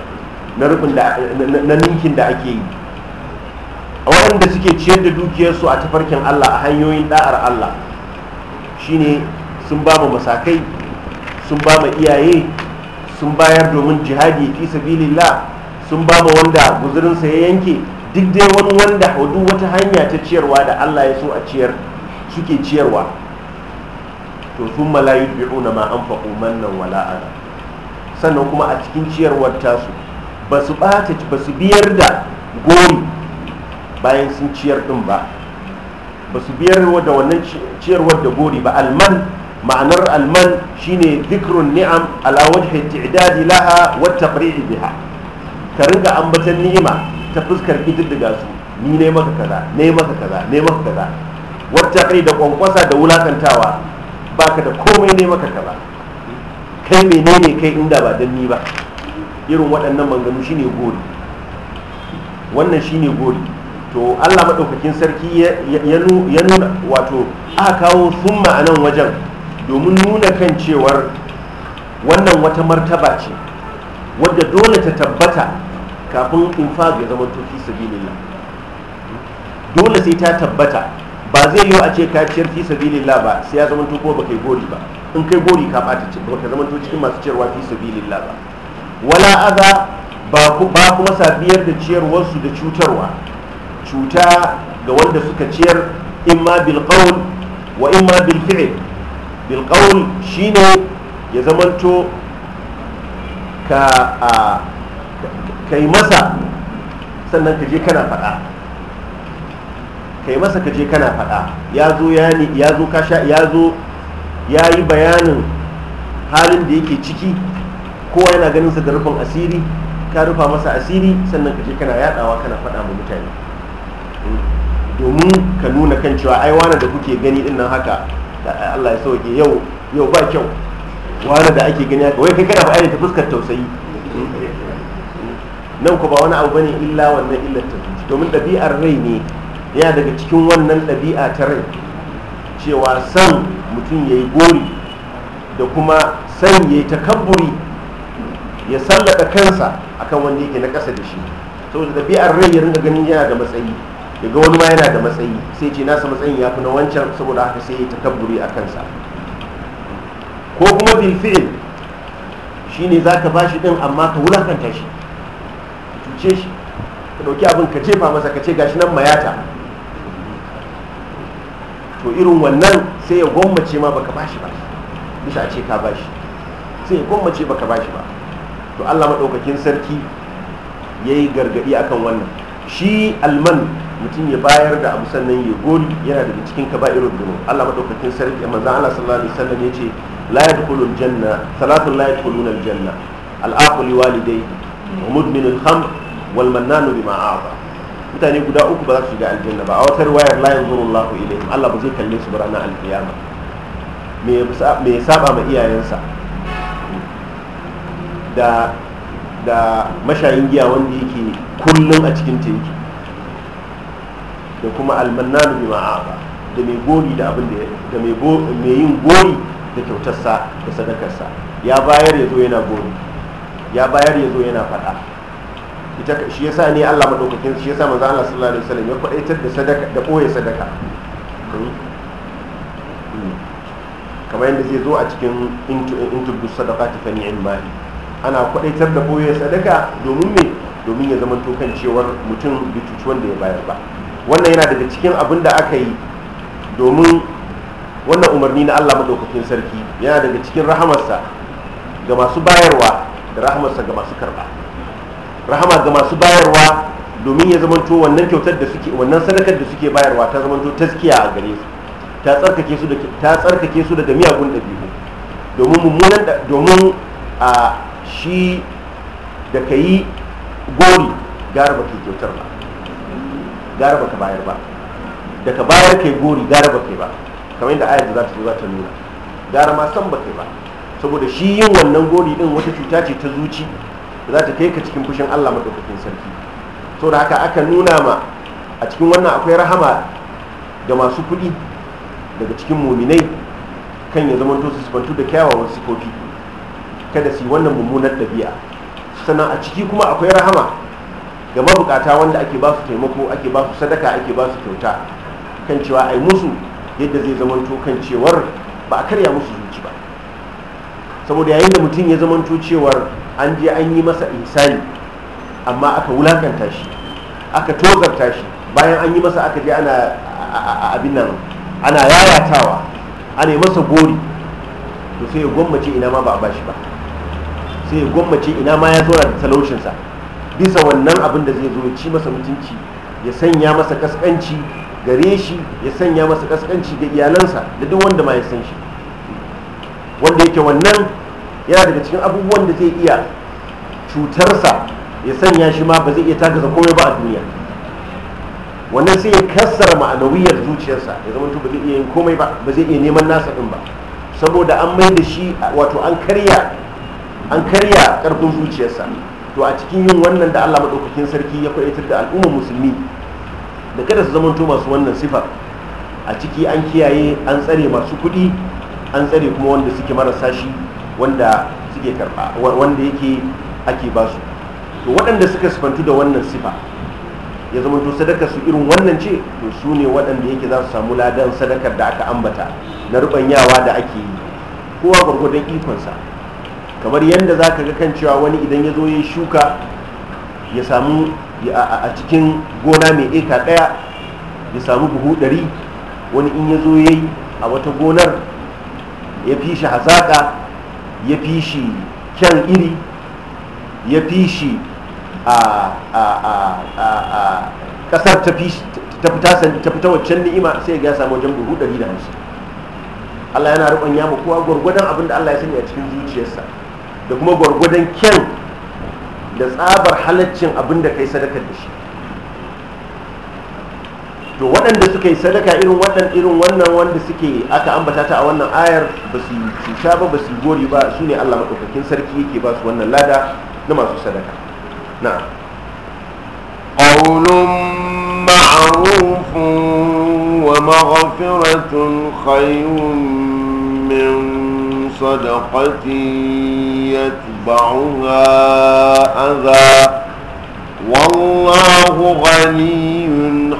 na ninkin da ake yi a waɗanda suke ciyar da dukiyarsu a tafarkin allah a hanyoyin ɗa'ar allah shine sun ba mu masakai sun ba mu iyaye sun bayar domin jihadi fi sabilillah sun ba wanda guzurinsa ya yanke duk dai wani wanda hudu wata hanya ta ciyarwa da allah ya so a ciyar suke ciyarwa to sun malayu biyu na ma an faƙo mannan wala ana sannan kuma a cikin ciyarwar tasu ba su ɓata ba su biyar da gori bayan sun ciyar ɗin ba ba su biyar da wannan ciyarwar da gori ba alman ma'anar alman shine zikrun ni'am ala wajhi i'dadi laha wa taqri'i biha ka ringa ambatan ni'ima ta fuskar kididdiga su ni ne maka kaza ne maka kaza ne maka kaza wata kai da kwankwasa da wulakantawa baka da komai ne maka kaza kai menene kai inda ba dan ni ba irin waɗannan manganu shine gori wannan shine gori to Allah madaukakin sarki ya nuna wato aka kawo summa a nan wajen domin nuna kan cewar wannan wata martaba ce wadda dole ta tabbata kafin infa ya zama tofi sabilillah dole sai ta tabbata ba zai yiwu a ce ka ciyar fi sabilillah ba sai ya zama ko kai gori ba in kai gori ka bata ce ta zama to cikin masu ciyarwa fi sabilillah ba wala aza ba kuma sabiyar da ciyarwarsu da cutarwa cuta ga wanda suka ciyar ma bil qawl wa ma bil fi'l bil qawl shine ya zamanto ka ka yi masa sannan ka je kana faɗa ka yi masa ka je kana faɗa ya zo ya zo ya yi bayanin halin da yake ciki kowa yana ganin sa da rufin asiri ka rufa masa asiri sannan ka je kana yadawa kana faɗa ma mutane domin ka nuna kan cewa aiwana da kuke gani ɗin nan haka Allah ya sauke yau yau ba kyau wani da ake gani haka wai kai kana fa'ida ta fuskar tausayi nan ku ba wani abu bane illa wannan illar ta domin ɗabi'ar rai ne yana daga cikin wannan dabi'a ta rai cewa san mutum ya yi gori da kuma san ya yi takabburi ya sallaka kansa akan wanda yake na ƙasa da shi saboda ɗabi'ar rai ya rinka ganin yana da matsayi daga wani ma yana da matsayi sai ce nasa matsayin ya fi na wancan saboda haka sai ya yi takabburi a kansa ko kuma shi ne za ka ba shi ɗin amma ka wulakanta shi cuce shi ka ɗauki abin ka jefa masa ka ce gashi nan mayata to irin wannan sai ya gwammace ma baka ka ba bisa ce ka ba shi sai ya gwammace baka ka ba to Allah maɗaukakin sarki ya yi gargadi akan wannan shi alman mutum ya bayar da abu sannan ya gori yana daga cikin ka irin dunu Allah maɗaukakin sarki manzo Allah sallallahu alaihi wasallam ce. la yadkhulu janna salatun la yadkhuluna aljanna al'aqu li walidayhi wa mudmin al-khamr wal mutane guda uku ba za su shiga aljanna ba a wata riwayar la yanzuru Allah ilayhim Allah ba zai kalle su barana ranar me me saba ma iyayensa da da mashayin giya wanda yake kullum a cikin teku da kuma almannanu bima ba da mai gori da abin da da mai yin gori da kyautarsa da sadakarsa ya bayar ya zo yana gori ya bayar ya zo yana faɗa ita shi yasa ne Allah madaukakin shi yasa manzo Allah sallallahu alaihi wasallam ya kwadaitar da sadaka da koyar sadaka hmm? Hmm. kamar yadda zai zo a cikin intubu sadaqati fa ni'im mahi ana kwadaitar da koyar sadaka domin me domin ya zama tokan cewar mutum bitu wanda ya bayar ba wannan yana daga cikin abin da aka yi domin wannan umarni na Allah madaukakin sarki yana daga cikin rahamarsa ga masu bayarwa da rahamarsa ga masu karba rahama ga masu bayarwa domin ya zamanto wannan kyautar da suke wannan sadakar da suke bayarwa ta zamanto taskiya a gare su ta tsarkake su da ta tsarkake su daga miyagun dabi'u domin mummunan domin a shi da yi gori gara ba ke kyautar ba gara ba ka bayar ba da ka bayar kai gori gara ba kai ba kamar yadda ayar da za ta zo za ta nuna gara ma san ba kai ba saboda shi yin wannan gori din wata cuta ce ta zuci da za ta kai ka cikin fushin Allah madaukakin sarki saboda haka aka nuna ma a cikin wannan akwai rahama ga masu kuɗi daga cikin muminai kan ya zamanto su sifantu da kyawawan sifofi kada su yi wannan mummunar ɗabi'a sannan a ciki kuma akwai rahama ga mabukata wanda ake ba su taimako ake ba su sadaka ake ba su kyauta kan cewa ai musu yadda zai zamanto kan cewar ba a karya musu zuci ba saboda yayin da mutum ya zamanto cewar an je an yi masa insani amma aka wulakanta shi aka tozarta shi bayan an yi masa aka je ana abin nan ana yayatawa ana yi masa gori to sai ya gwammace ina ma ba a bashi ba sai ya gwammace ina ma ya zauna da talaucinsa bisa wannan abin da zai zo ya ci masa mutunci ya sanya masa kaskanci gare shi ya sanya masa kaskanci ga iyalansa da duk wanda ma ya san shi wanda yake wannan yana daga cikin abubuwan da zai iya cutarsa ya sanya shi ma ba zai iya tagasa komai ba a duniya wannan sai ya kassara ma'anawiyar zuciyarsa ya zama ba zai iya yin komai ba ba zai iya neman nasa din ba saboda an mai da shi wato an karya an karya karfin zuciyarsa to a cikin yin wannan da Allah madaukakin sarki ya kwaitar da al'ummar musulmi da kada su zamanto masu wannan sifar a ciki an kiyaye an tsare masu kudi an tsare kuma wanda suke marasa shi wanda suke karba wanda yake ake ba su to waɗanda suka sifantu da wannan sifa ya zama to sadaka su irin wannan ce to su ne waɗanda yake za su samu ladan sadakar da aka ambata na rubanyawa da ake yi kowa gwargwadon ikonsa kamar yadda za ka ga kan cewa wani idan ya zo ya shuka ya samu a cikin gona mai eka ɗaya ya samu buhu ɗari wani in ya zo ya yi a wata gonar ya fi shi hazaƙa ya fi shi kyan iri ya fi shi a ƙasar ta fi ta waccan ni'ima sai ya samu wajen buhu ɗari da hamsin allah yana riƙon yama kowa gwargwadon abinda da allah ya sani a cikin zuciyarsa da kuma gwargwadon kyan da tsabar halaccin abin da kai sadaka da shi to waɗanda suka yi sadaka irin waɗanda irin wannan wanda suke aka ambata ta a wannan ayar ba su cuta ba ba su gori ba su ne allah maɗaukakin sarki yake ba su wannan lada na masu sadaka na قول معروف ومغفرة خير من صدقة يتبعها أذى والله غني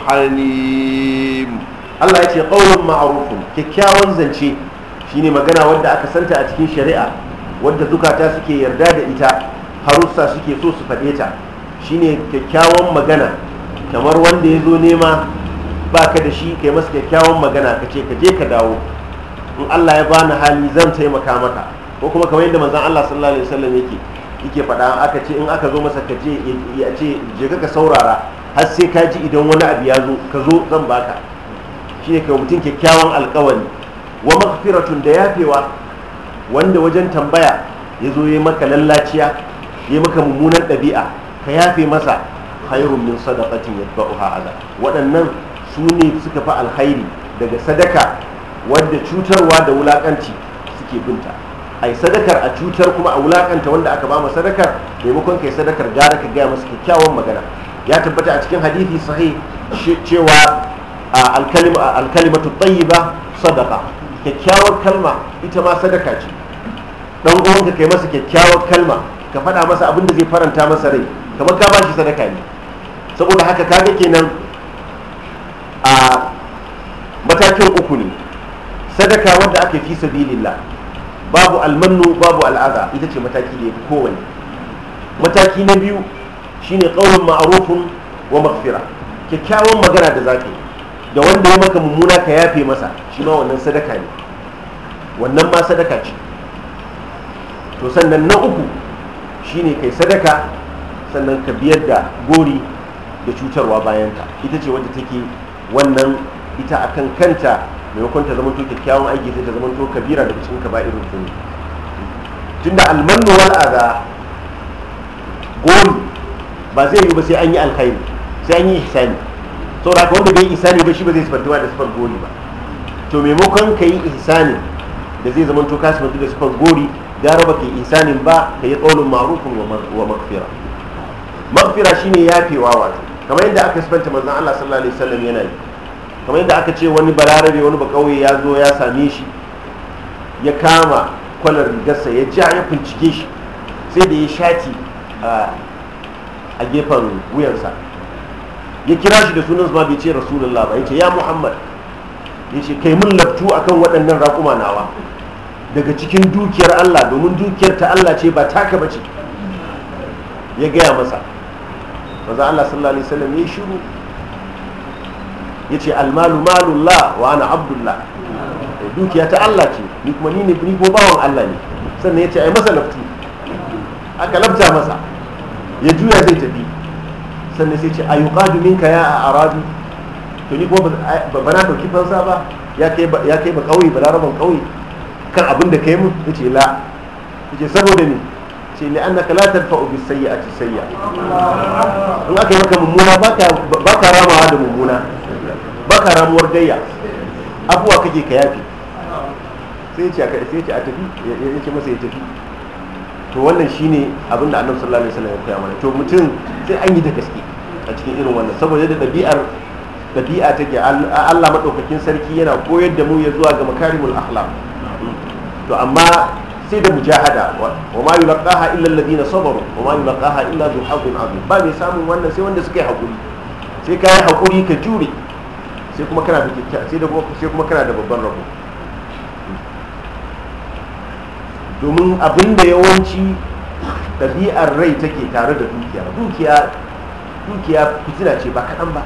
حليم الله يتي قول معروف كيكاون زنشي shine magana wadda aka santa a cikin shari'a wadda zukata suke yarda da ita harussa suke so su faɗe ta shine kyakkyawan magana kamar wanda ya zo nema baka da shi kai masu kyakkyawan magana ka ce ka je ka dawo in Allah ya bani hali zan taimaka maka ko kuma kamar yadda manzon Allah sallallahu alaihi wasallam yake yake faɗa aka ce in aka zo masa ka je ya ce je ka saurara har sai ka ji idan wani abu ya zo ka zo zan baka shine kai mutum kyakkyawan alƙawari wa maghfiratun da yafewa wanda wajen tambaya ya zo ya maka lallaciya ya maka mummunan ɗabi'a ka yafe masa khairun min sadaqatin yadba'uha ala waɗannan su ne suka fi alkhairi daga sadaka wadda cutarwa da wulakanci suke binta a yi sadakar a cutar kuma a wulakanta wanda aka ba sadakar maimakon kai sadakar gara ka gaya masu kyakkyawan magana ya tabbata a cikin hadithi sahi cewa alkalimatu tayyiba sadaka kyakkyawar kalma ita ma sadaka ce dan uwanka kai masa kyakkyawar kalma ka faɗa masa abin da zai faranta masa rai kamar ka bashi sadaka ne saboda haka kaga kenan a matakin uku ne sadaka wanda aka fi sabilillah babu almannu babu al'aza ita ce mataki da ya fi kowane mataki na biyu shine qaulun ma'arufin wa maghfira kyakkyawan magana da zaka da wanda ya maka mummuna ka yafe masa shi ma wannan sadaka ne wannan ma sadaka ce to sannan na uku shine kai sadaka sannan ka biyar da gori da cutarwa bayanta ita ce wadda take wannan ita akan kanta maimakon ta zamanto kyakkyawan aiki sai ta zamanto kabira daga cikin kaba'irul tun tunda almannu a ga goli ba zai yi ba sai an yi alkhairi sai an yi ihsani saboda wanda bai yi ihsani ba shi ba zai sifantuwa da sifar goli ba to maimakon ka yi ihsani da zai zamanto ka sifantu da sifar goli gara ba ka yi ihsanin ba ka yi tsaunin marufin wa makfira maghfira shine yafewa wato kamar yadda aka sifanta manzon Allah sallallahu alaihi wasallam yana yi kamar yadda aka ce wani balarabe wani ba bakauye ya zo ya same shi ya kama kwalar rigarsa ya ja ya bincike shi sai da ya shati a gefen wuyansa ya kira shi da sunan ma bai ce rasulullah ba ya ce ya muhammad ya ce kai mun laftu akan waɗannan raƙuma nawa daga cikin dukiyar allah domin dukiyar ta allah ce ba taka ba ce ya gaya masa maza allah sallallahu alaihi wasallam ya shiru ya ce almalu malullah wa ana abdullah eh, dukiya ta Allah ce ni kuma ni ne ni ko bawan Allah ne sannan ya ce ai masa laftu aka lafta masa ya juya zai tafi sannan sai ce a yi ƙadu minka ya a arabi to ni kuma ba na ɗauki fansa ba ya kai ba ƙauye ba laraban ƙauye kan abin da kai mun ya ce la ya ce saboda ni ce li annaka la tanfa'u bis sayyi'ati sayya in aka yi maka mummuna ba ka ramawa da mummuna maka ramuwar gayya abuwa kake ka yafi sai ce ce a tafi ya ce masa ya tafi to wannan shine abin da annabi sallallahu alaihi wasallam ya koya mana to mutum sai an yi da gaske a cikin irin wannan saboda da ɗabi'ar ɗabi'a take Allah madaukakin sarki yana koyar da mu ya zuwa ga makarimul akhlaq to amma sai da mujahada wa ma yulqaha illa alladhina sabaru wa ma yulqaha illa dhu hazzin azim ba mai samun wannan sai wanda suka yi hakuri sai kai hakuri ka jure sai kuma kana da kyakkyawa sai da sai kuma kana da babban rabo domin abin da yawanci ɗabi'ar rai take tare da dukiya dukiya dukiya fitina ce ba kaɗan ba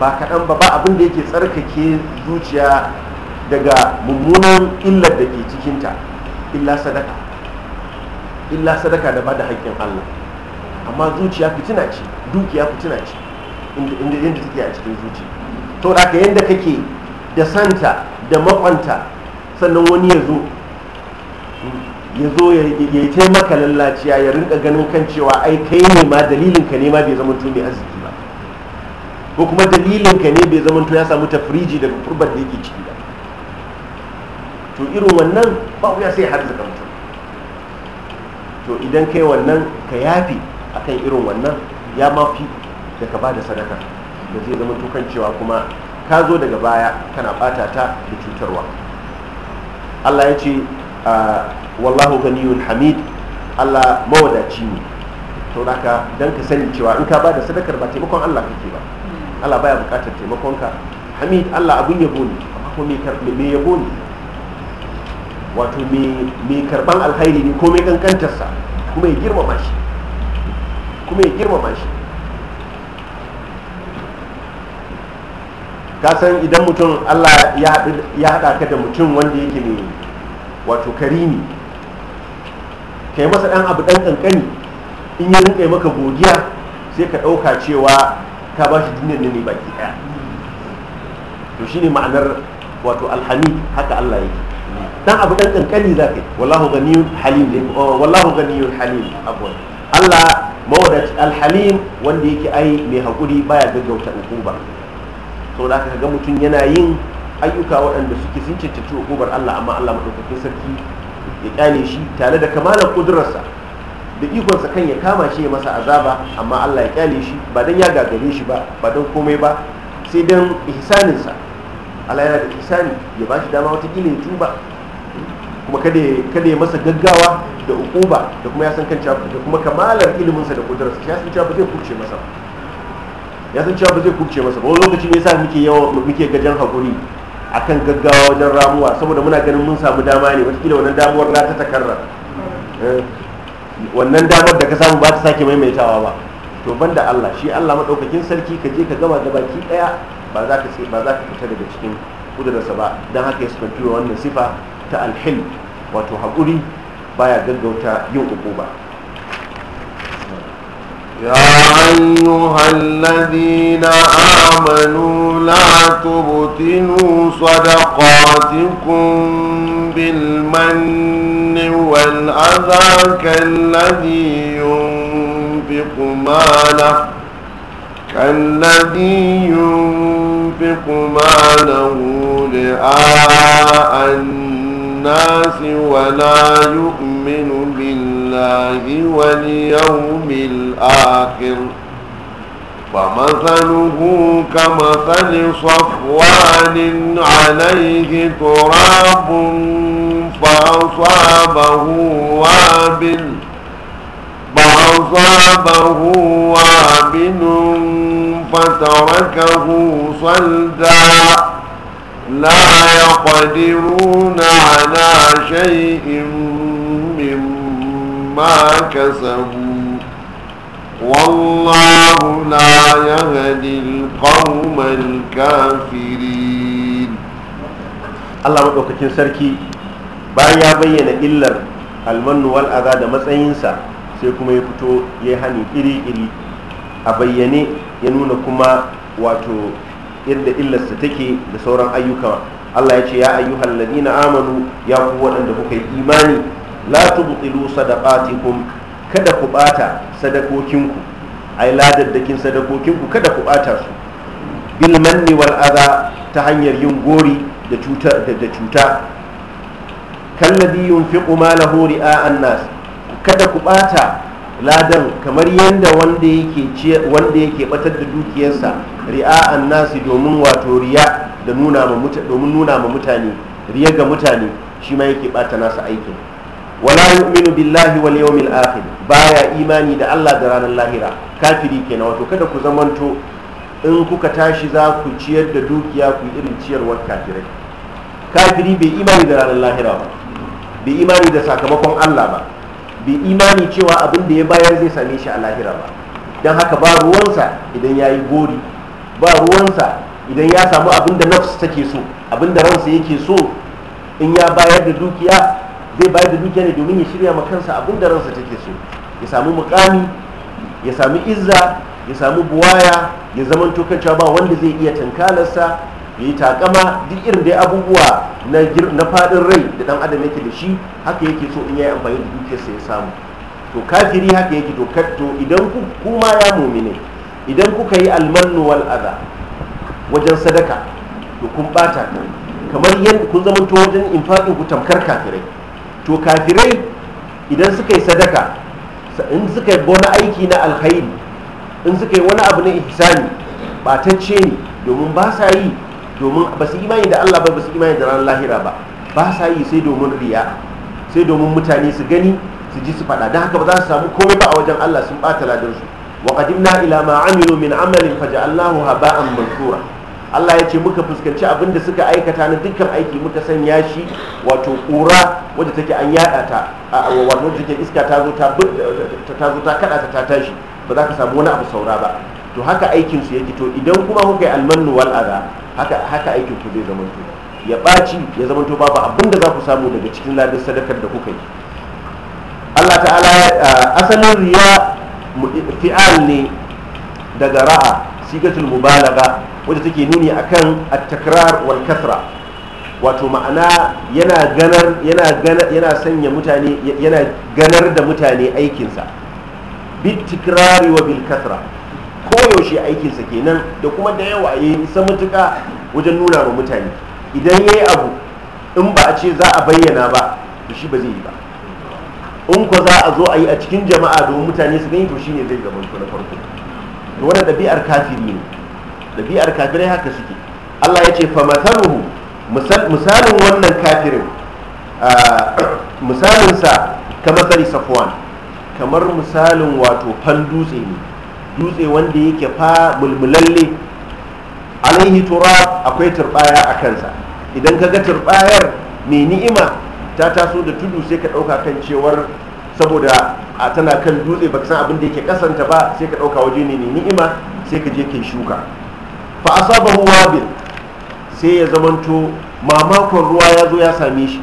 ba kaɗan ba ba abin da yake tsarkake zuciya daga mummunan illar da ke cikinta illa sadaka illa sadaka da ba da haƙƙin allah amma zuciya fitina ce dukiya fitina ce inda yadda take a cikin zuci to da ka yadda kake da santa da makwanta sannan wani ya zo ya zo ya yi taimaka lallaciya ya rinka ganin kan cewa ai kai ne ma dalilin ka ne ma bai zama tuni arziki ba ko kuma dalilin ka ne bai zama ya samu ta firiji daga furbar da yake ciki ba to irin wannan ba ya sai har zaka mutum to idan kai wannan ka yafi akan irin wannan ya mafi sai ka ba da sadaka da zai zama tukan cewa kuma ka zo daga baya kana bata ta da cutarwa allah ya ce wallahu ganiyun hamid allah mawadaci ne To sauraka don ka sani cewa in ka ba da sadakar ba taimakon allah kake ba allah baya bukatar taimakonka hamid allah abin yabo ne amma kuma mai yabo ne wato mai karban alhairi ne ko mai kankantarsa kuma ya girmama shi kuma ya girmama shi ka san idan mutum Allah ya haɗa ka da mutum wanda yake ne wato karimi ka yi masa ɗan abu ɗan ƙanƙani in yi rinƙa maka godiya sai ka ɗauka cewa ka ba shi duniyar ne baki ɗaya to shi ne ma'anar wato alhamid haka Allah yake Ɗan abu ɗan ƙanƙani za ka yi wallahu ganiyun halim ne wallahu ganiyun halim abuwa Allah mawadaci alhalim wanda yake ai mai haƙuri baya gaggauta hukuma sau da aka ga mutum yana yin ayyuka waɗanda suke sun cancanci hukumar Allah amma Allah maɗaukakin sarki ya kyale shi tare da kamalar ƙudurarsa da ikonsa kan ya kama shi ya masa azaba amma Allah ya kyale shi ba don ya gagare shi ba ba don komai ba sai don ihsaninsa Allah yana da ihsani ya ba shi dama wata gina ya tuba kuma kada ya masa gaggawa da ukuba da kuma ya san kan da kuma kamalar iliminsa da ƙudurarsa ya san cewa zai kurce masa ba ya san cewa ba zai kubce masa ba wani lokaci sa muke yawa muke gajen hakuri akan gaggawa wajen ramuwa saboda muna ganin mun samu dama ne wataƙila wannan damuwar za ta takarra eh, wannan damar da ka samu ba ta sake maimaitawa ba to ban da Allah shi Allah madaukakin sarki ka je ka gama da baki daya ba za ka ba za ka fita daga cikin kudurarsa ba dan haka ya suka tura wannan sifa ta alhil wato haƙuri baya gaggauta yin uku ba يا أيها الذين آمنوا لا تبتنوا صدقاتكم بالمن والأذى كالذي ينفق ماله كالذي ينفق ماله لآن الناس ولا يؤمن بالله واليوم الآخر فمثله كمثل صفوان عليه تراب فأصابه وابل فأصابه وابل فتركه صلدا لا يقدرون على شيء مما كسبوا والله لا يهدي القوم الكافرين الله مدوكاكين سركي bayan ya bayyana illar almanu wal da matsayinsa sai kuma ya fito ya hannu iri iri a bayyane ya nuna kuma wato inda illarsa take da sauran ayyuka Allah ya ce ya ayyuhal ladina amanu ya ku waɗanda kuka yi imani la tubtilu sadaqatikum kada ku bata sadakokinku ai ladaddakin sadakokinku kada ku bata su bil manni wal adha ta hanyar yin gori da cuta da cuta kalladhi yunfiqu malahu ri'a an-nas kada ku bata ladan kamar yadda wanda yake batar da dukiyarsa ri'a'an nasi domin wato riya da nuna ma mutane riya ga mutane shi ma yake bata nasa aikin wala yu'minu billahi wal yawmil akhir baya imani da Allah da ranar lahira kafiri kenan wato kada ku zamanto in kuka tashi za ku ciyar da dukiya ku irin ciyarwar kafirai kafiri bai imani da ranar lahira ba bai imani da sakamakon Allah ba Bi imani cewa abin da ya bayar zai same shi a lahira ba don haka ba ruwansa idan ya yi gori ba ruwansa idan ya samu abin da nafs take so abin da ransa yake so in ya bayar da dukiya zai bayar da dukiya ne domin ya shirya ma kansa abin da ransa take so ya samu mukami ya samu izza ya samu buwaya ya zama tokancewa ba wanda zai iya tankalarsa mai takama duk irin da abubuwa na faɗin rai da ɗan adam yake da shi haka yake so in ya yi amfani da sa ya samu to kafiri haka yake to to idan ku kuma ya mumine idan kuka yi almannu wal adha wajen sadaka to kun bata kamar yadda kun zamanto wajen infaqin ku tamkar kafirai to kafirai idan suka yi sadaka in suka yi wani aiki na alkhairi in suka yi wani abu na ihsani batacce ne domin ba sa yi domin ba su imani da Allah ba ba su imani da ran lahira ba ba sa yi sai domin riya sai domin mutane su gani su ji su faɗa don haka ba za su samu komai ba a wajen Allah sun bata ladan su wa qadimna ila ma amilu min amalin faja'alnahu haba'an mansura Allah ya ce muka fuskanci abin da suka aikata na dukkan aiki muka sanya shi wato kura wadda take an yada ta a wato take iska ta zo ta zo ta kada ta tashi ba za ka samu wani abu saura ba to haka aikin su ya to idan kuma kuka yi almannu wal adha haka aikin ku zai zamanto ya ɓaci ya zamanto babu abin da za ku samu daga cikin ladin sadakar da kuka yi Allah ta'ala asalin riya fi'al ne daga ra'a sigatul mubalaga wadda take nuni akan at-takrar wal kasra wato ma'ana yana ganar yana ganar yana sanya mutane yana ganar da mutane aikinsa bit tikrari wa bil kasra koyaushe aikinsa kenan da kuma da yawa ya yi isa matuka wajen nuna wa mutane idan ya yi abu in ba a ce za a bayyana ba da shi ba zai yi ba in ko za a zo a yi a cikin jama'a domin mutane su gani to shi ne zai gaban na farko to wannan ɗabi'ar kafiri ne ɗabi'ar kafirai haka suke allah ya ce fa mathaluhu misalin wannan kafirin misalinsa kamar sari safwan kamar misalin wato fan dutse ne dutse wanda yake fa bulbulalle alaihi tura akwai turbaya a kansa idan ka ga turbayar mai ni'ima ta taso da tudu sai ka ɗauka kan cewar saboda a tana kan dutse baka san abin da yake kasanta ba sai ka ɗauka waje ne mai ni'ima sai ka je kai shuka fa asabahu wabil sai ya zamanto mamakon ruwa ya zo ya same shi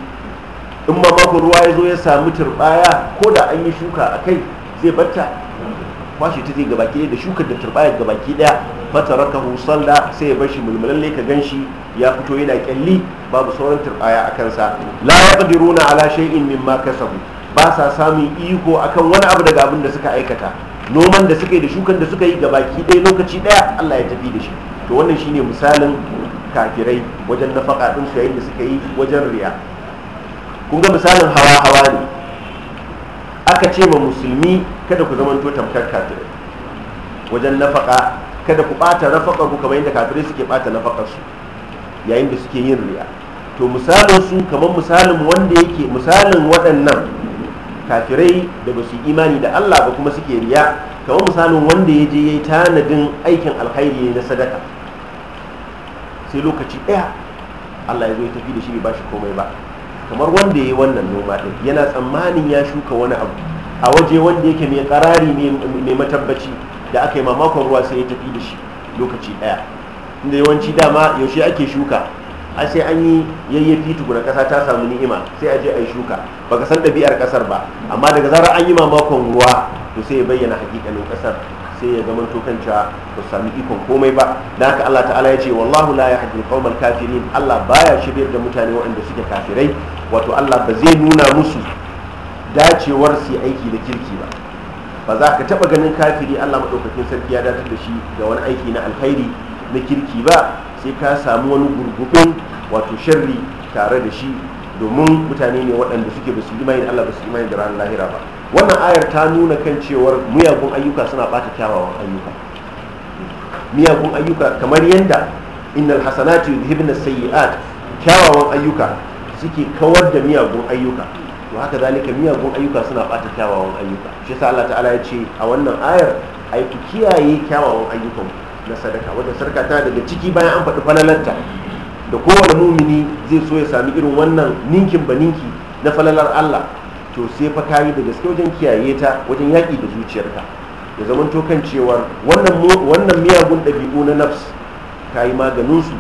in mamakon ruwa ya zo ya sami turbaya ko da an yi shuka a kai zai batta kwashe ta zai gabaki da shukar da turbayar gabaki daya. raka fataraka da sai ya bashi mulmulalle ka ganshi ya fito yana kyalli babu sauran turbaya a kansa la yaqdiruna ala shay'in mimma kasabu ba sa samun iko akan wani abu daga abin da suka aikata noman da suka yi da shukar da suka yi gabaki daya lokaci daya, Allah ya tafi da shi to wannan shine misalin kafirai wajen nafaka ɗinsu yayin da suka yi wajen riya kun ga misalin hawa hawa ne aka ce ma musulmi kada ku zamanto tamkar kafirai wajen nafaka kada ku bata nafakar ku kamar yadda kafirai suke bata nafakar su yayin da suke yin riya to misalin su kamar misalin wanda yake misalin waɗannan kafirai da ba su imani da Allah ba kuma suke riya kamar misalin wanda ya je ya yi tanadin aikin alkhairi na sadaka sai lokaci ɗaya Allah ya zo ya tafi da shi bai ba shi komai ba kamar wanda ya yi wannan noma ɗin yana tsammanin ya shuka wani abu a waje wanda yake mai karari mai matabbaci da aka yi mamakon ruwa sai ya tafi da shi lokaci ɗaya inda yawanci dama yaushe ake shuka a sai an yi yayyafi tukuna ƙasa ta samu ni'ima sai a je a yi shuka baka san ɗabi'ar ƙasar ba amma daga zarar an yi mamakon ruwa to sai ya bayyana hakikanin ƙasar sai ya zama tokanta ba su sami ikon komai ba da haka Allah ta'ala ya ce wallahu la ya al-qawmal kafirin Allah baya shiryar da mutane waɗanda suke kafirai wato Allah ba zai nuna musu dacewar su aiki da kirki ba ba za ka taɓa ganin kafiri Allah maɗaukakin sarki ya datar da shi ga wani aiki na alkhairi na kirki ba sai ka samu wani gurgubin wato sharri tare da shi domin mutane ne waɗanda suke ba su imani Allah ba su imani da ranar lahira ba wannan ayar ta nuna kan cewar miyagun ayyuka suna ɓata kyawawan ayyuka miyagun ayyuka kamar yadda innal hasanatu yudhibna sayyi'at kyawawan ayyuka suke kawar da miyagun ayyuka to haka zalika miyagun ayyuka suna bata kyawawan ayyuka shi yasa Allah ta'ala ya ce a wannan ayar ai ku kiyaye kyawawan ayyukan na sadaka wanda sarka tana daga ciki bayan an faɗi falalarta da kowane mumini zai so ya sami irin wannan ninkin ba ninki na falalar Allah to sai fa kayi da gaske wajen kiyaye ta wajen yaƙi da zuciyarka ya zaman to kan cewa wannan miyagun ɗabi'u na nafs kayi maganin su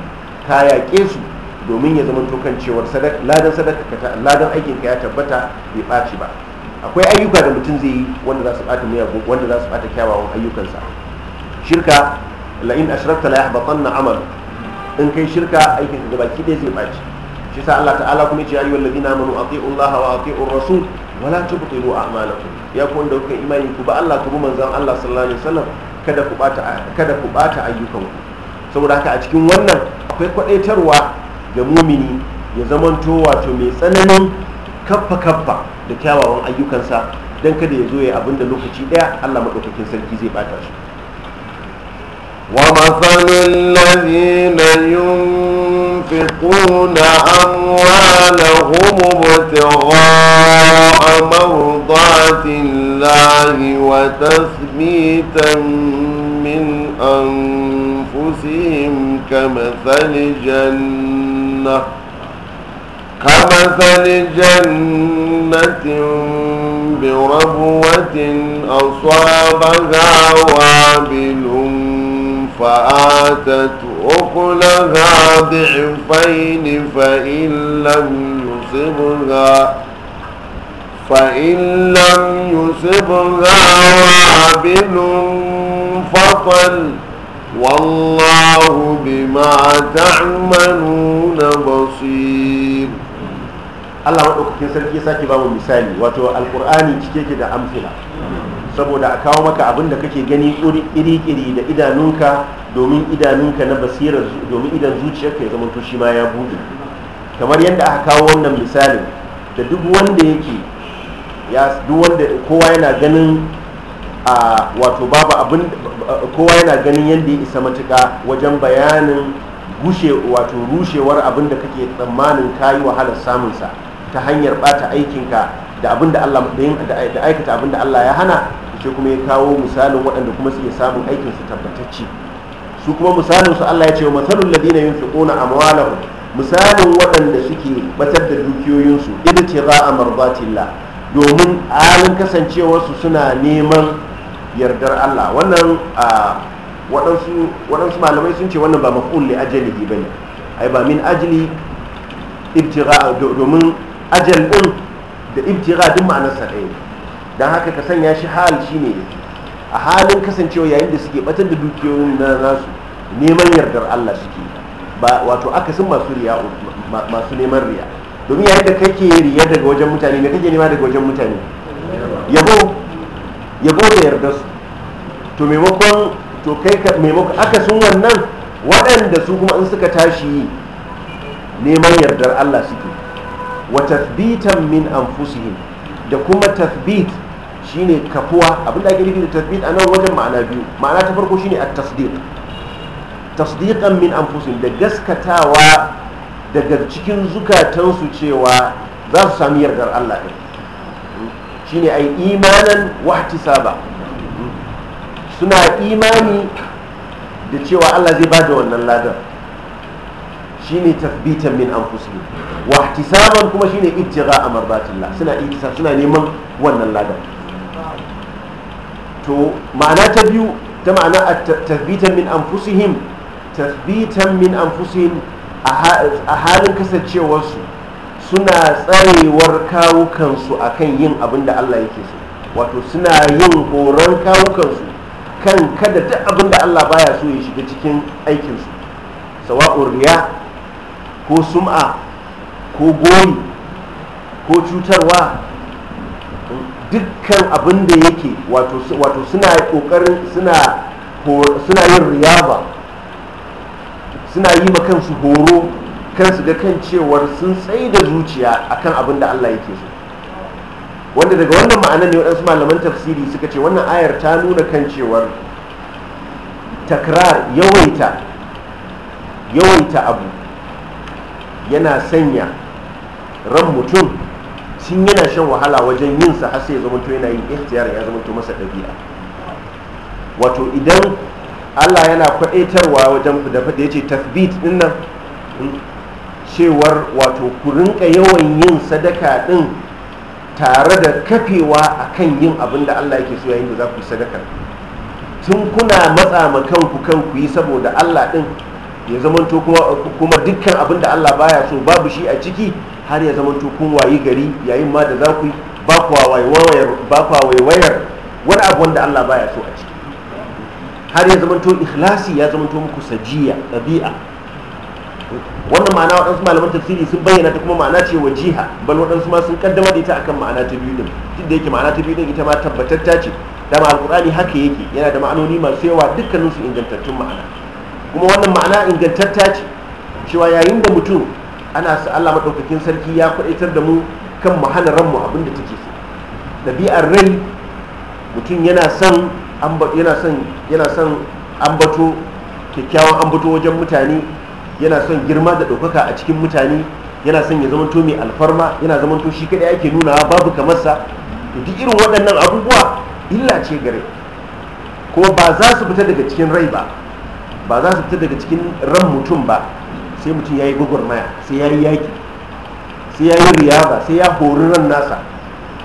ka yaƙe su domin ya zama tukan cewar ladan sadaka ladan aikin ka ya tabbata bai ɓaci ba akwai ayyuka da mutum zai yi wanda za su ɓata miyagun wanda za su ɓata kyawawan ayyukansa shirka la'in ashrakta la yahbatanna amal in kai shirka aikin ka gabaki ɗaya zai ɓaci shi sa Allah ta'ala kuma ce wa ladina amanu ati'u laha wa ati'u ku tsoro a tubtilu ku ya ku wanda kuka imani ku ba Allah ku bi manzan Allah sallallahu alaihi wasallam kada ku ɓata kada ku ɓata saboda haka a cikin wannan akwai kwaɗaitarwa ga mumini ya zamanto wato mai tsananin kaffa kaffa da kyawawan ayyukansa don kada ya zo ya abin da lokaci ɗaya allah maɗaukakin sarki zai ɓata shi ومثل الذين ينفقون أموالهم ابتغاء مرضات الله وتثبيتا من أنفسهم كمثل جنة الجنة كمثل جنة بربوة أصابها وابل فآتت أكلها ضعفين فإن لم يصبها فإن لم يصبها وابل فطل والله بما تعملون بصير Allah maɗaukakin sarki ya sake bamu misali wato alkur'ani cike ke da amfila saboda a kawo maka abin da kake gani iri-iri da idanunka domin idanunka na basirar domin idan zuciyarka ya zama to ma ya buɗe kamar yadda aka kawo wannan misalin da duk wanda yake ya duk wanda kowa yana ganin a wato babu abin kowa yana ganin yadda ya isa matuka wajen bayanin gushe wato rushewar abin da kake tsammanin yi wahalar samunsa ta hanyar bata aikinka da abin da Allah da aikata abin da Allah ya hana shi kuma ya kawo misalin waɗanda kuma suke samun aikinsu tabbatacce su kuma misalin su Allah ya ce wa masalul ladina a mawalahu misalin waɗanda suke batar da dukiyoyinsu idtira amrdatillah domin alin kasancewarsu suna neman yardar Allah wannan waɗansu malamai sun ce wannan ba maf'ul li ajalihi bane ai ba min ajali ibtira domin ajal din da ibtira din sa ɗaya don haka ka sanya shi hal ne a halin kasancewa yayin da suke batar da dukiyoyin na nasu neman yardar Allah suke ba wato akasin masu riya masu neman riya domin yayin da kake riya daga wajen mutane me kake nema daga wajen mutane yabo yabo da yarda su to maimakon to kai maimakon akasin wannan waɗanda su kuma in suka tashi neman yardar Allah suke wa tathbitan min anfusihim da kuma tathbit shine kafuwa abinda ake nufi da tathbit a nan wajen ma'ana biyu ma'ana ta farko shine a tasdiq tasdiqan min anfusihim da gaskatawa daga cikin zukatansu cewa za su sami yardar Allah din shine ai imanan wahtisaba suna imani da cewa Allah zai bada wannan ladan shine tathbitan min anfusihim wahtisaban kuma shine ibtigha amarbatillah suna ibtisa suna neman wannan ladan to ma'ana ta biyu ta ma'ana tathbitan min anfusihim tathbitan min anfusihim a halin kasancewarsu suna tsarewar kawukansu a kan yin abin da Allah yake so wato suna yin horon kawukansu kan kada ta abin da Allah baya so ya shiga cikin aikinsu sawa'un riya ko sum'a ko goyi ko cutarwa dukkan abin da yake wato suna kokarin suna yin riyaba suna yi ma kansu horo kan su ga kan cewar sun tsaye da zuciya akan abin da Allah yake so wanda daga wannan ma'anar ne waɗansu malaman tafsiri suka ce wannan ayar ta nuna kan cewar takrar yawaita yawaita abu yana sanya ran mutum sun yana shan wahala wajen yin sa har sai ya zama yana yin ihtiyar ya zama masa ɗabi'a wato idan Allah yana kwaɗaitarwa wajen da ya ce tasbit ɗin nan cewar wato ku rinka yawan yin sadaka din tare da kafewa akan yin abin da Allah yake so yayin da za ku yi sadaka tun kuna matsa ma kanku kan ku yi saboda Allah din ya zamanto kuma dukkan abin da Allah baya so babu shi a ciki har ya zamanto kun wayi gari yayin ma da za ku yi ba kwa waiwayar wani abu wanda Allah baya so a ciki har ya zamanto ikhlasi ya zamanto muku sajiya ɗabi'a wannan ma'ana waɗansu malaman tafsiri sun bayyana ta kuma ma'ana ce wajiha bal waɗansu ma sun kaddama da ita akan ma'ana ta biyu din duk da yake ma'ana ta biyu din ita ma ta ce dama alƙur'ani haka yake yana da ma'anoni masu yawa dukkanin su ingantattun ma'ana kuma wannan ma'ana ingantatta ce cewa yayin da mutum ana sa Allah madaukakin sarki ya kwaɗaitar da mu kan mu hana ranmu abin da take so ɗabi'ar rai mutum yana son yana son yana son ambato kyakkyawan ambato wajen mutane yana son girma da ɗaukaka a cikin mutane yana son ya zamanto mai alfarma yana zamanto shi kaɗai ake nunawa babu kamar sa duk irin waɗannan abubuwa illa ce gare kuma ba za su fita daga cikin rai ba ba za su fita daga cikin ran mutum ba sai mutum ya yi gwagwarmaya sai ya yi yaƙi sai ya yi riyaba sai ya hori ran nasa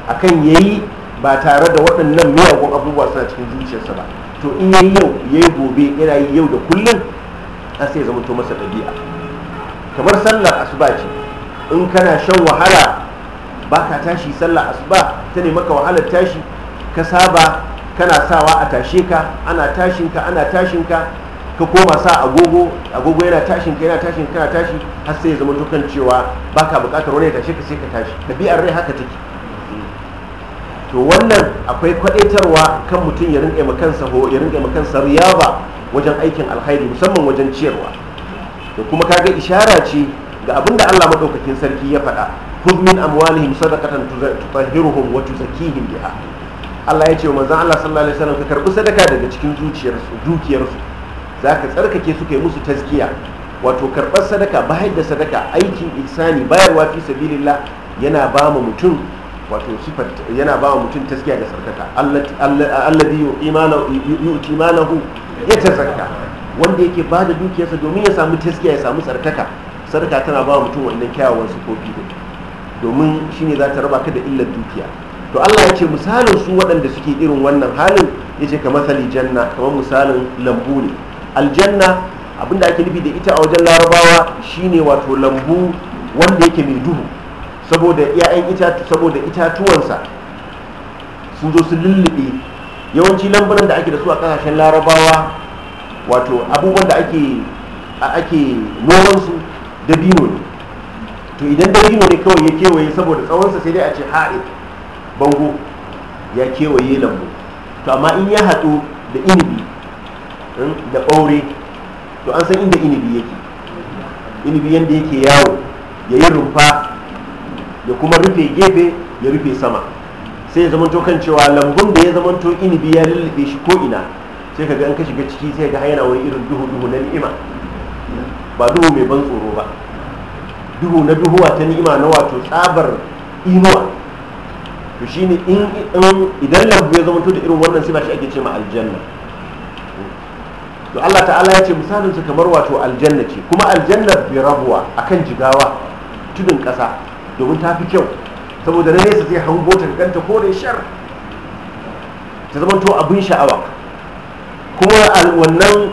akan ya yi ba tare da waɗannan miyagun abubuwa suna cikin zuciyarsa ba to in ya yi yau ya yi gobe yana yi yau da kullum a sai zama to masa ɗabi'a kamar sallar asuba ce in kana shan wahala ba ka tashi sallar asuba ta ne maka wahalar tashi ka saba kana sawa a tashe ka ana tashinka ana tashinka ka koma sa agogo agogo yana tashin ka yana tashin kana tashi har sai zama dukan cewa baka bukatar wani ya tashe ka sai ka tashi ɗabi'ar rai haka take to wannan akwai kwadaitarwa kan mutum ya rinka kansa ho ya rinka kansa riyaba wajen aikin alkhairi musamman wajen ciyarwa da kuma kaga ishara ce ga abin da Allah madaukakin sarki ya faɗa khudh min amwalihim sadaqatan tutahhiruhum wa tuzakkihim biha Allah ya ce wa manzon Allah sallallahu alaihi wasallam ka karbi sadaka daga cikin zuciyarsu dukiyarsu zaka tsarkake su kai musu tazkiya wato karbar sadaka bayar da sadaka aikin insani bayarwa fi sabilillah yana ba mu mutum wato sifat yana ba mu mutum taskiya da sarkata allazi yu'ti malahu ya sarka wanda yake ba da dukiyarsa domin ya samu taskiya ya samu tsarkaka sadaka tana ba mutum wannan kyawawan sufofi da domin shine za ta raba ka da illar dukiya to Allah ya ce misalin su waɗanda suke irin wannan halin ya ce ka masali janna kamar misalin lambu ne aljanna abinda ake nufi da ita a wajen larabawa shine wato lambu wanda yake mai duhu saboda 'ya'yan itatuwansa sun zo su lullube yawanci lambunan da ake da su a kasashen larabawa wato abubuwan da ake a ake nomansu dino ne to idan da dino ne kawai ya kewaye saboda tsawonsa sai dai a ce haɗe bango ya kewaye lambu to amma in ya haɗu da inibi hmm, da ɓaure to an san inda inibi yake inibi yadda yake yawo ya yi rumfa ya kuma rufe gefe ya rufe sama sai ya zamanto kan cewa lambun da ya zamanto inibi ya lullube shi ko ina sai ka ga an ka shiga ciki sai ga yana wani irin duhu duhu na ni'ima ba duhu mai ban tsoro ba duhu na duhu ta ni'ima na wato tsabar inuwa to shi ne idan lambu ya zamanto da irin wannan ba shi ake ce ma aljanna to Allah ta'ala ya ce misalin su kamar wato aljanna ce kuma aljanna bi rabuwa akan jigawa tudun kasa domin ta fi kyau saboda na nesa zai hango ta ganta da shar ta zama to abin sha'awa kuma wannan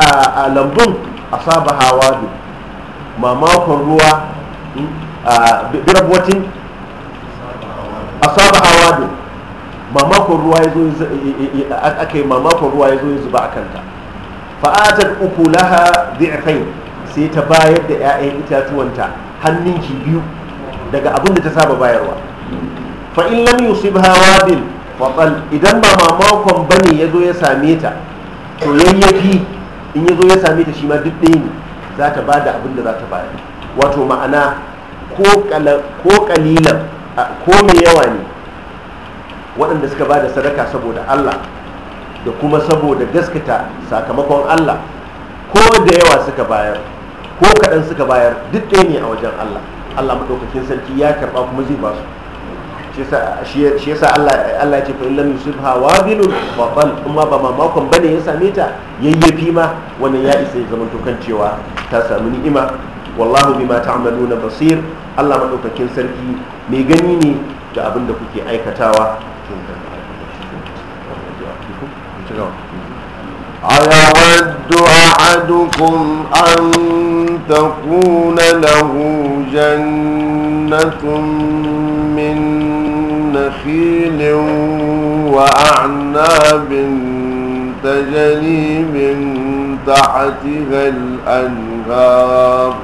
a lambun saba hawa ne mamakon ruwa hmm, a saba hawa ne mamakon ruwa ya zo aka yi mamakon ruwa ya zo ya zuba a kanta fa'atar uku laha zai sai ta bayar da 'ya'yan itatuwanta hannun ki biyu daga abin da ta saba bayarwa fa in lam yusibha wabil qal idan ba mamakon bane yazo ya same ta to yayyafi in yazo ya same ta shi ma duk ɗaya ne za ta bada abin da za ta bayar wato ma'ana ko kalilan ko mai yawa ne waɗanda suka bada sadaka saboda Allah da kuma saboda gaskata sakamakon Allah ko da yawa suka bayar ko kaɗan suka bayar duk ɗaya ne a wajen Allah Allah madaukakin sarki ya karba kuma zai ba su shi yasa Allah ya ce fa in lam yusibha wabilun wa bal kuma ba mamakon bane ya same ta yayyafi ma wannan ya isa ya zamanta kan cewa ta samu ni'ima wallahu bima ta'maluna basir Allah madaukakin sarki mai gani ne da abin da kuke aikatawa Thank أيود أحدكم أن تكون له جنة من نخيل وأعناب تجري من تحتها الأنهار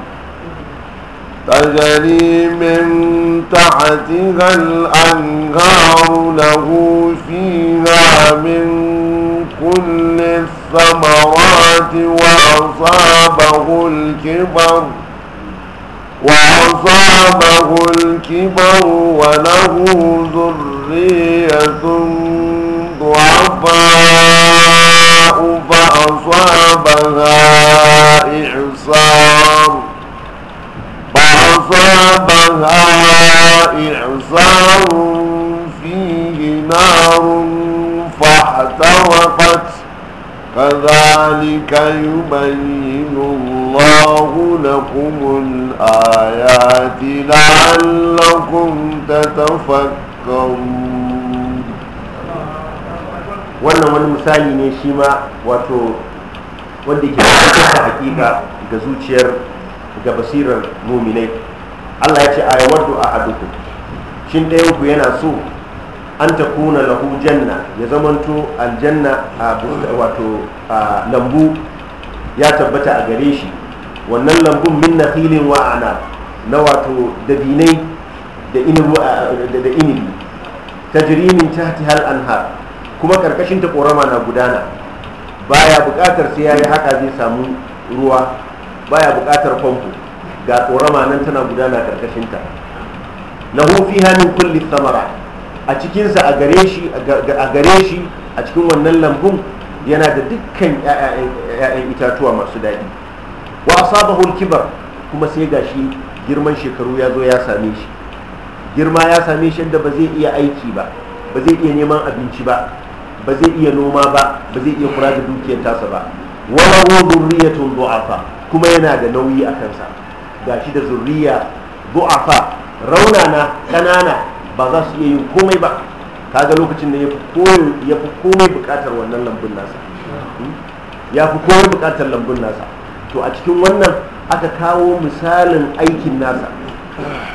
تجري من تحتها الأنهار له فيها من كل الثمرات وأصابه الكبر وأصابه الكبر وله ذرية ضعفاء فأصابها إعصار فأصابها كذلك يبين الله لكم الآيات لعلكم تتفكرون wannan wani misali ne shi ma wato wanda ke da hakika ga zuciyar ga basirar muminai Allah ya ce a yawaddu a adukum shin ɗayan yana so an ta kuna lahu janna ya zamanto aljanna a wato lambu ya tabbata a gare shi wannan lambun min na filin wa'ana na wato dabinai da inibi ta jirimin ta hati hal an har kuma karkashin ta korama na gudana baya bukatar sai ya yi haka zai samu ruwa baya bukatar famfo ga korama nan tana gudana karkashinta ta lahu hannun min kulli samara. a cikinsa a gare shi a cikin wannan lambun yana da dukkan 'ya'yan itatuwa masu daɗi wa asabahu kibar kuma sai gashi girman shekaru ya zo ya same shi girma ya same shi da ba zai iya aiki ba ba zai iya neman abinci ba ba zai iya noma ba ba zai iya kura da dukiyar tasa ba wala hu zurriyatun du'afa kuma yana da nauyi a kansa gashi da zurriya du'afa raunana ƙanana. ba za su iya yin komai ba kaga lokacin da ya fi komai bukatar wannan lambun nasa hmm? ya fi komai bukatar lambun nasa to a cikin wannan aka kawo misalin aikin nasa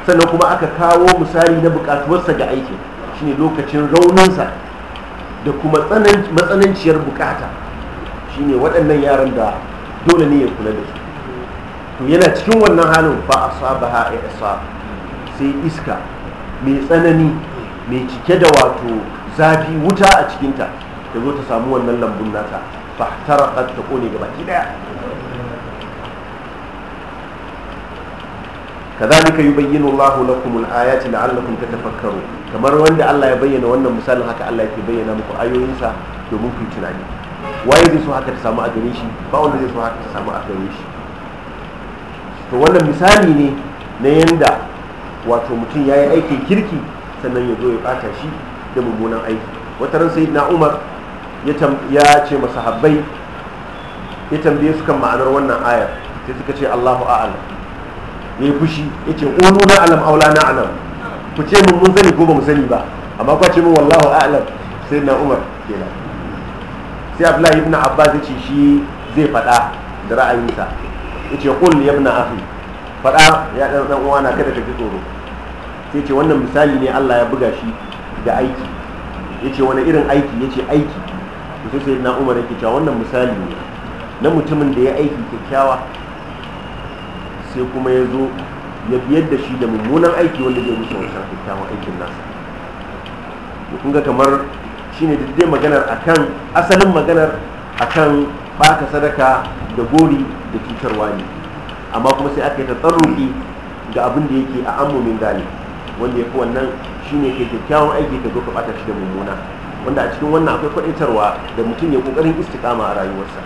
sannan kuma aka kawo misali na bukatuwarsa ga aikin shine lokacin rauninsa da kuma matsananciyar bukata shine waɗannan yaran da dole ne ya kula da su to yana cikin wannan halin ba a saba ha sai iska mai tsanani mai cike da wato zafi wuta a cikinta ta zo ta samu wannan lambun nata fahtara ta kone gaba ki daya kazalika yubayyinu Allahu lakum al-ayati la'allakum tatafakkaru kamar wanda Allah ya bayyana wannan misalin haka Allah yake bayyana muku ayoyinsa domin ku tunani waye zai so haka ta samu a gare shi ba wanda zai so haka ta samu a gare shi to wannan misali ne na yanda wato mutum ya yi aikin kirki sannan ya zo ya bata shi da mummunan aiki wata ran sai na umar ya ce habbai ya tambaye su kan ma'anar wannan ayar sai suka ce allahu a'ala ya yi fushi ya ce ƙonu na alam aula na alam ku ce mun mun sani ko ba mu sani ba amma ku ce mun wallahu a'alam sai na umar kenan sai abdullahi ibn abbas ya ce shi zai faɗa da ra'ayinsa ya ce ƙul ya ibn faɗa ya ɗan ɗan na kada ka ji tsoro sai ce wannan misali ne Allah ya buga shi da aiki ya ce wani irin aiki ya ce aiki su sai na umar yake cewa wannan misali ne na mutumin da ya aiki kyakkyawa sai kuma ya zo ya biyar da shi da mummunan aiki wanda zai musu wancan kyakkyawan aikin nasa da kun ga kamar shi shine daidai maganar akan asalin maganar akan baka sadaka da gori da cutarwa ne amma kuma sai aka yi tsarruki ga abin da yake a ammu gani wanda ya fi wannan shi ne ke kyakkyawan aiki ka zo ka bata shi da mummuna wanda a cikin wannan akwai tarwa da mutum ya ƙoƙarin istiqama a rayuwarsa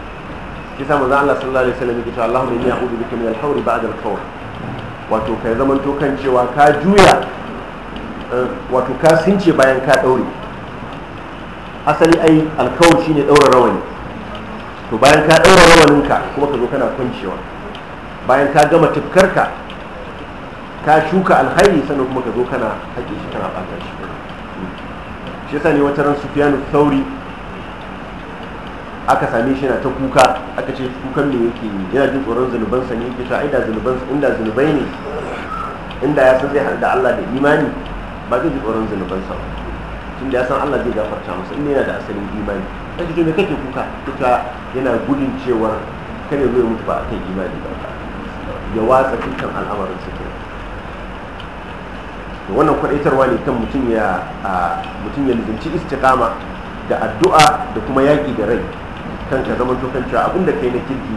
shi sa manzo Allah sallallahu alaihi wasallam yake cewa Allahumma inni a'udhu bika min al-hawri ba'da al-kawr wato kai zaman to kan cewa ka juya eh, wato ka since bayan ka daure asali ai al shi shine daura rawani to bayan ka daura rawaninka kuma ka zo kana kwancewa bayan ka gama tufkarka ka shuka alkhairi sannan kuma ka zo kana haƙe shi kana ɓata shi shi sani ne wata ran su sufiyanu sauri aka same shi na ta kuka aka ce kukan da yake yi yana jin tsoron zunubansa ne yake ta aida zunuban inda zunubai ne inda ya san zai haɗu da Allah da imani ba zai ji tsoron zunubansa ba tunda ya san Allah zai gafarta masa inda yana da asalin imani kake me kake kuka kuka yana gudun cewar kare zai mutu ba akan imani ba ya watsa dukkan al'amarin su ke wannan kwadaitarwa ne kan mutum ya mutum ya lizinci istiqama da addu'a da kuma yaƙi da rai kan ka zama to cewa abinda kai na kirki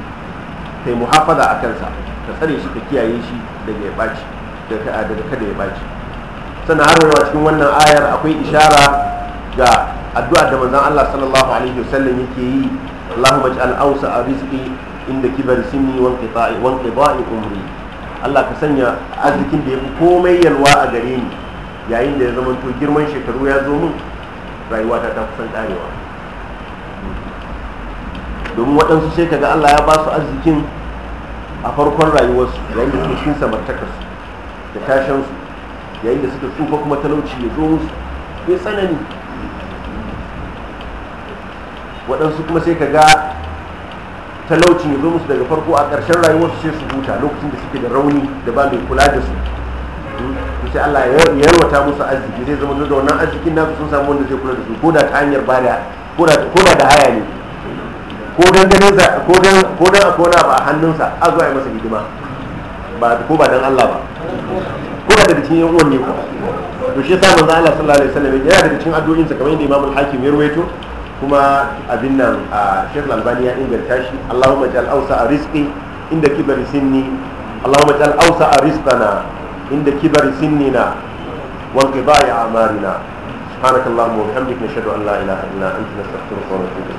kai muhafaza a kansa ka tsare shi ka kiyaye shi daga ya ɓaci daga kada ya ɓaci sannan har cikin wannan ayar akwai ishara ga addu'a da manzan Allah sallallahu alaihi wasallam yake yi Allahumma ij'al awsa rizqi inda kibar sinni wanke ba'i umri Allah ka sanya arzikin da ya fi komai yalwa a gare ni yayin da ya zama to girman shekaru ya zo min rayuwata ta kusan karewa domin waɗansu sai kaga Allah ya ba su arzikin a farkon rayuwarsu yayin da ta samartakarsu da tashansu yayin da suka tsufa kuma talauci ya zo musu mai tsanani waɗansu kuma sai kaga talauci ya zo musu daga farko a ƙarshen rayuwar su sai su huta lokacin da suke da rauni da ba mai kula da su to sai Allah ya yarwata musu arziki zai zama da wannan arzikin nasu sun samu wanda zai kula da su ko da ta hanyar baya ko da da haya ne ko dan ganin ko dan ko dan a kona ba a hannunsa a zo a yi masa hidima ba ko ba dan Allah ba ko da daga cikin yan ne ko to shi yasa manzo Allah sallallahu alaihi wasallam yana daga cikin sa kamar yadda Imam al-Hakim ya rawaito kuma abin nan a shekul albani ya inganta shi allahumma jal ausa a rizqi inda kibar sinni allahumma a inda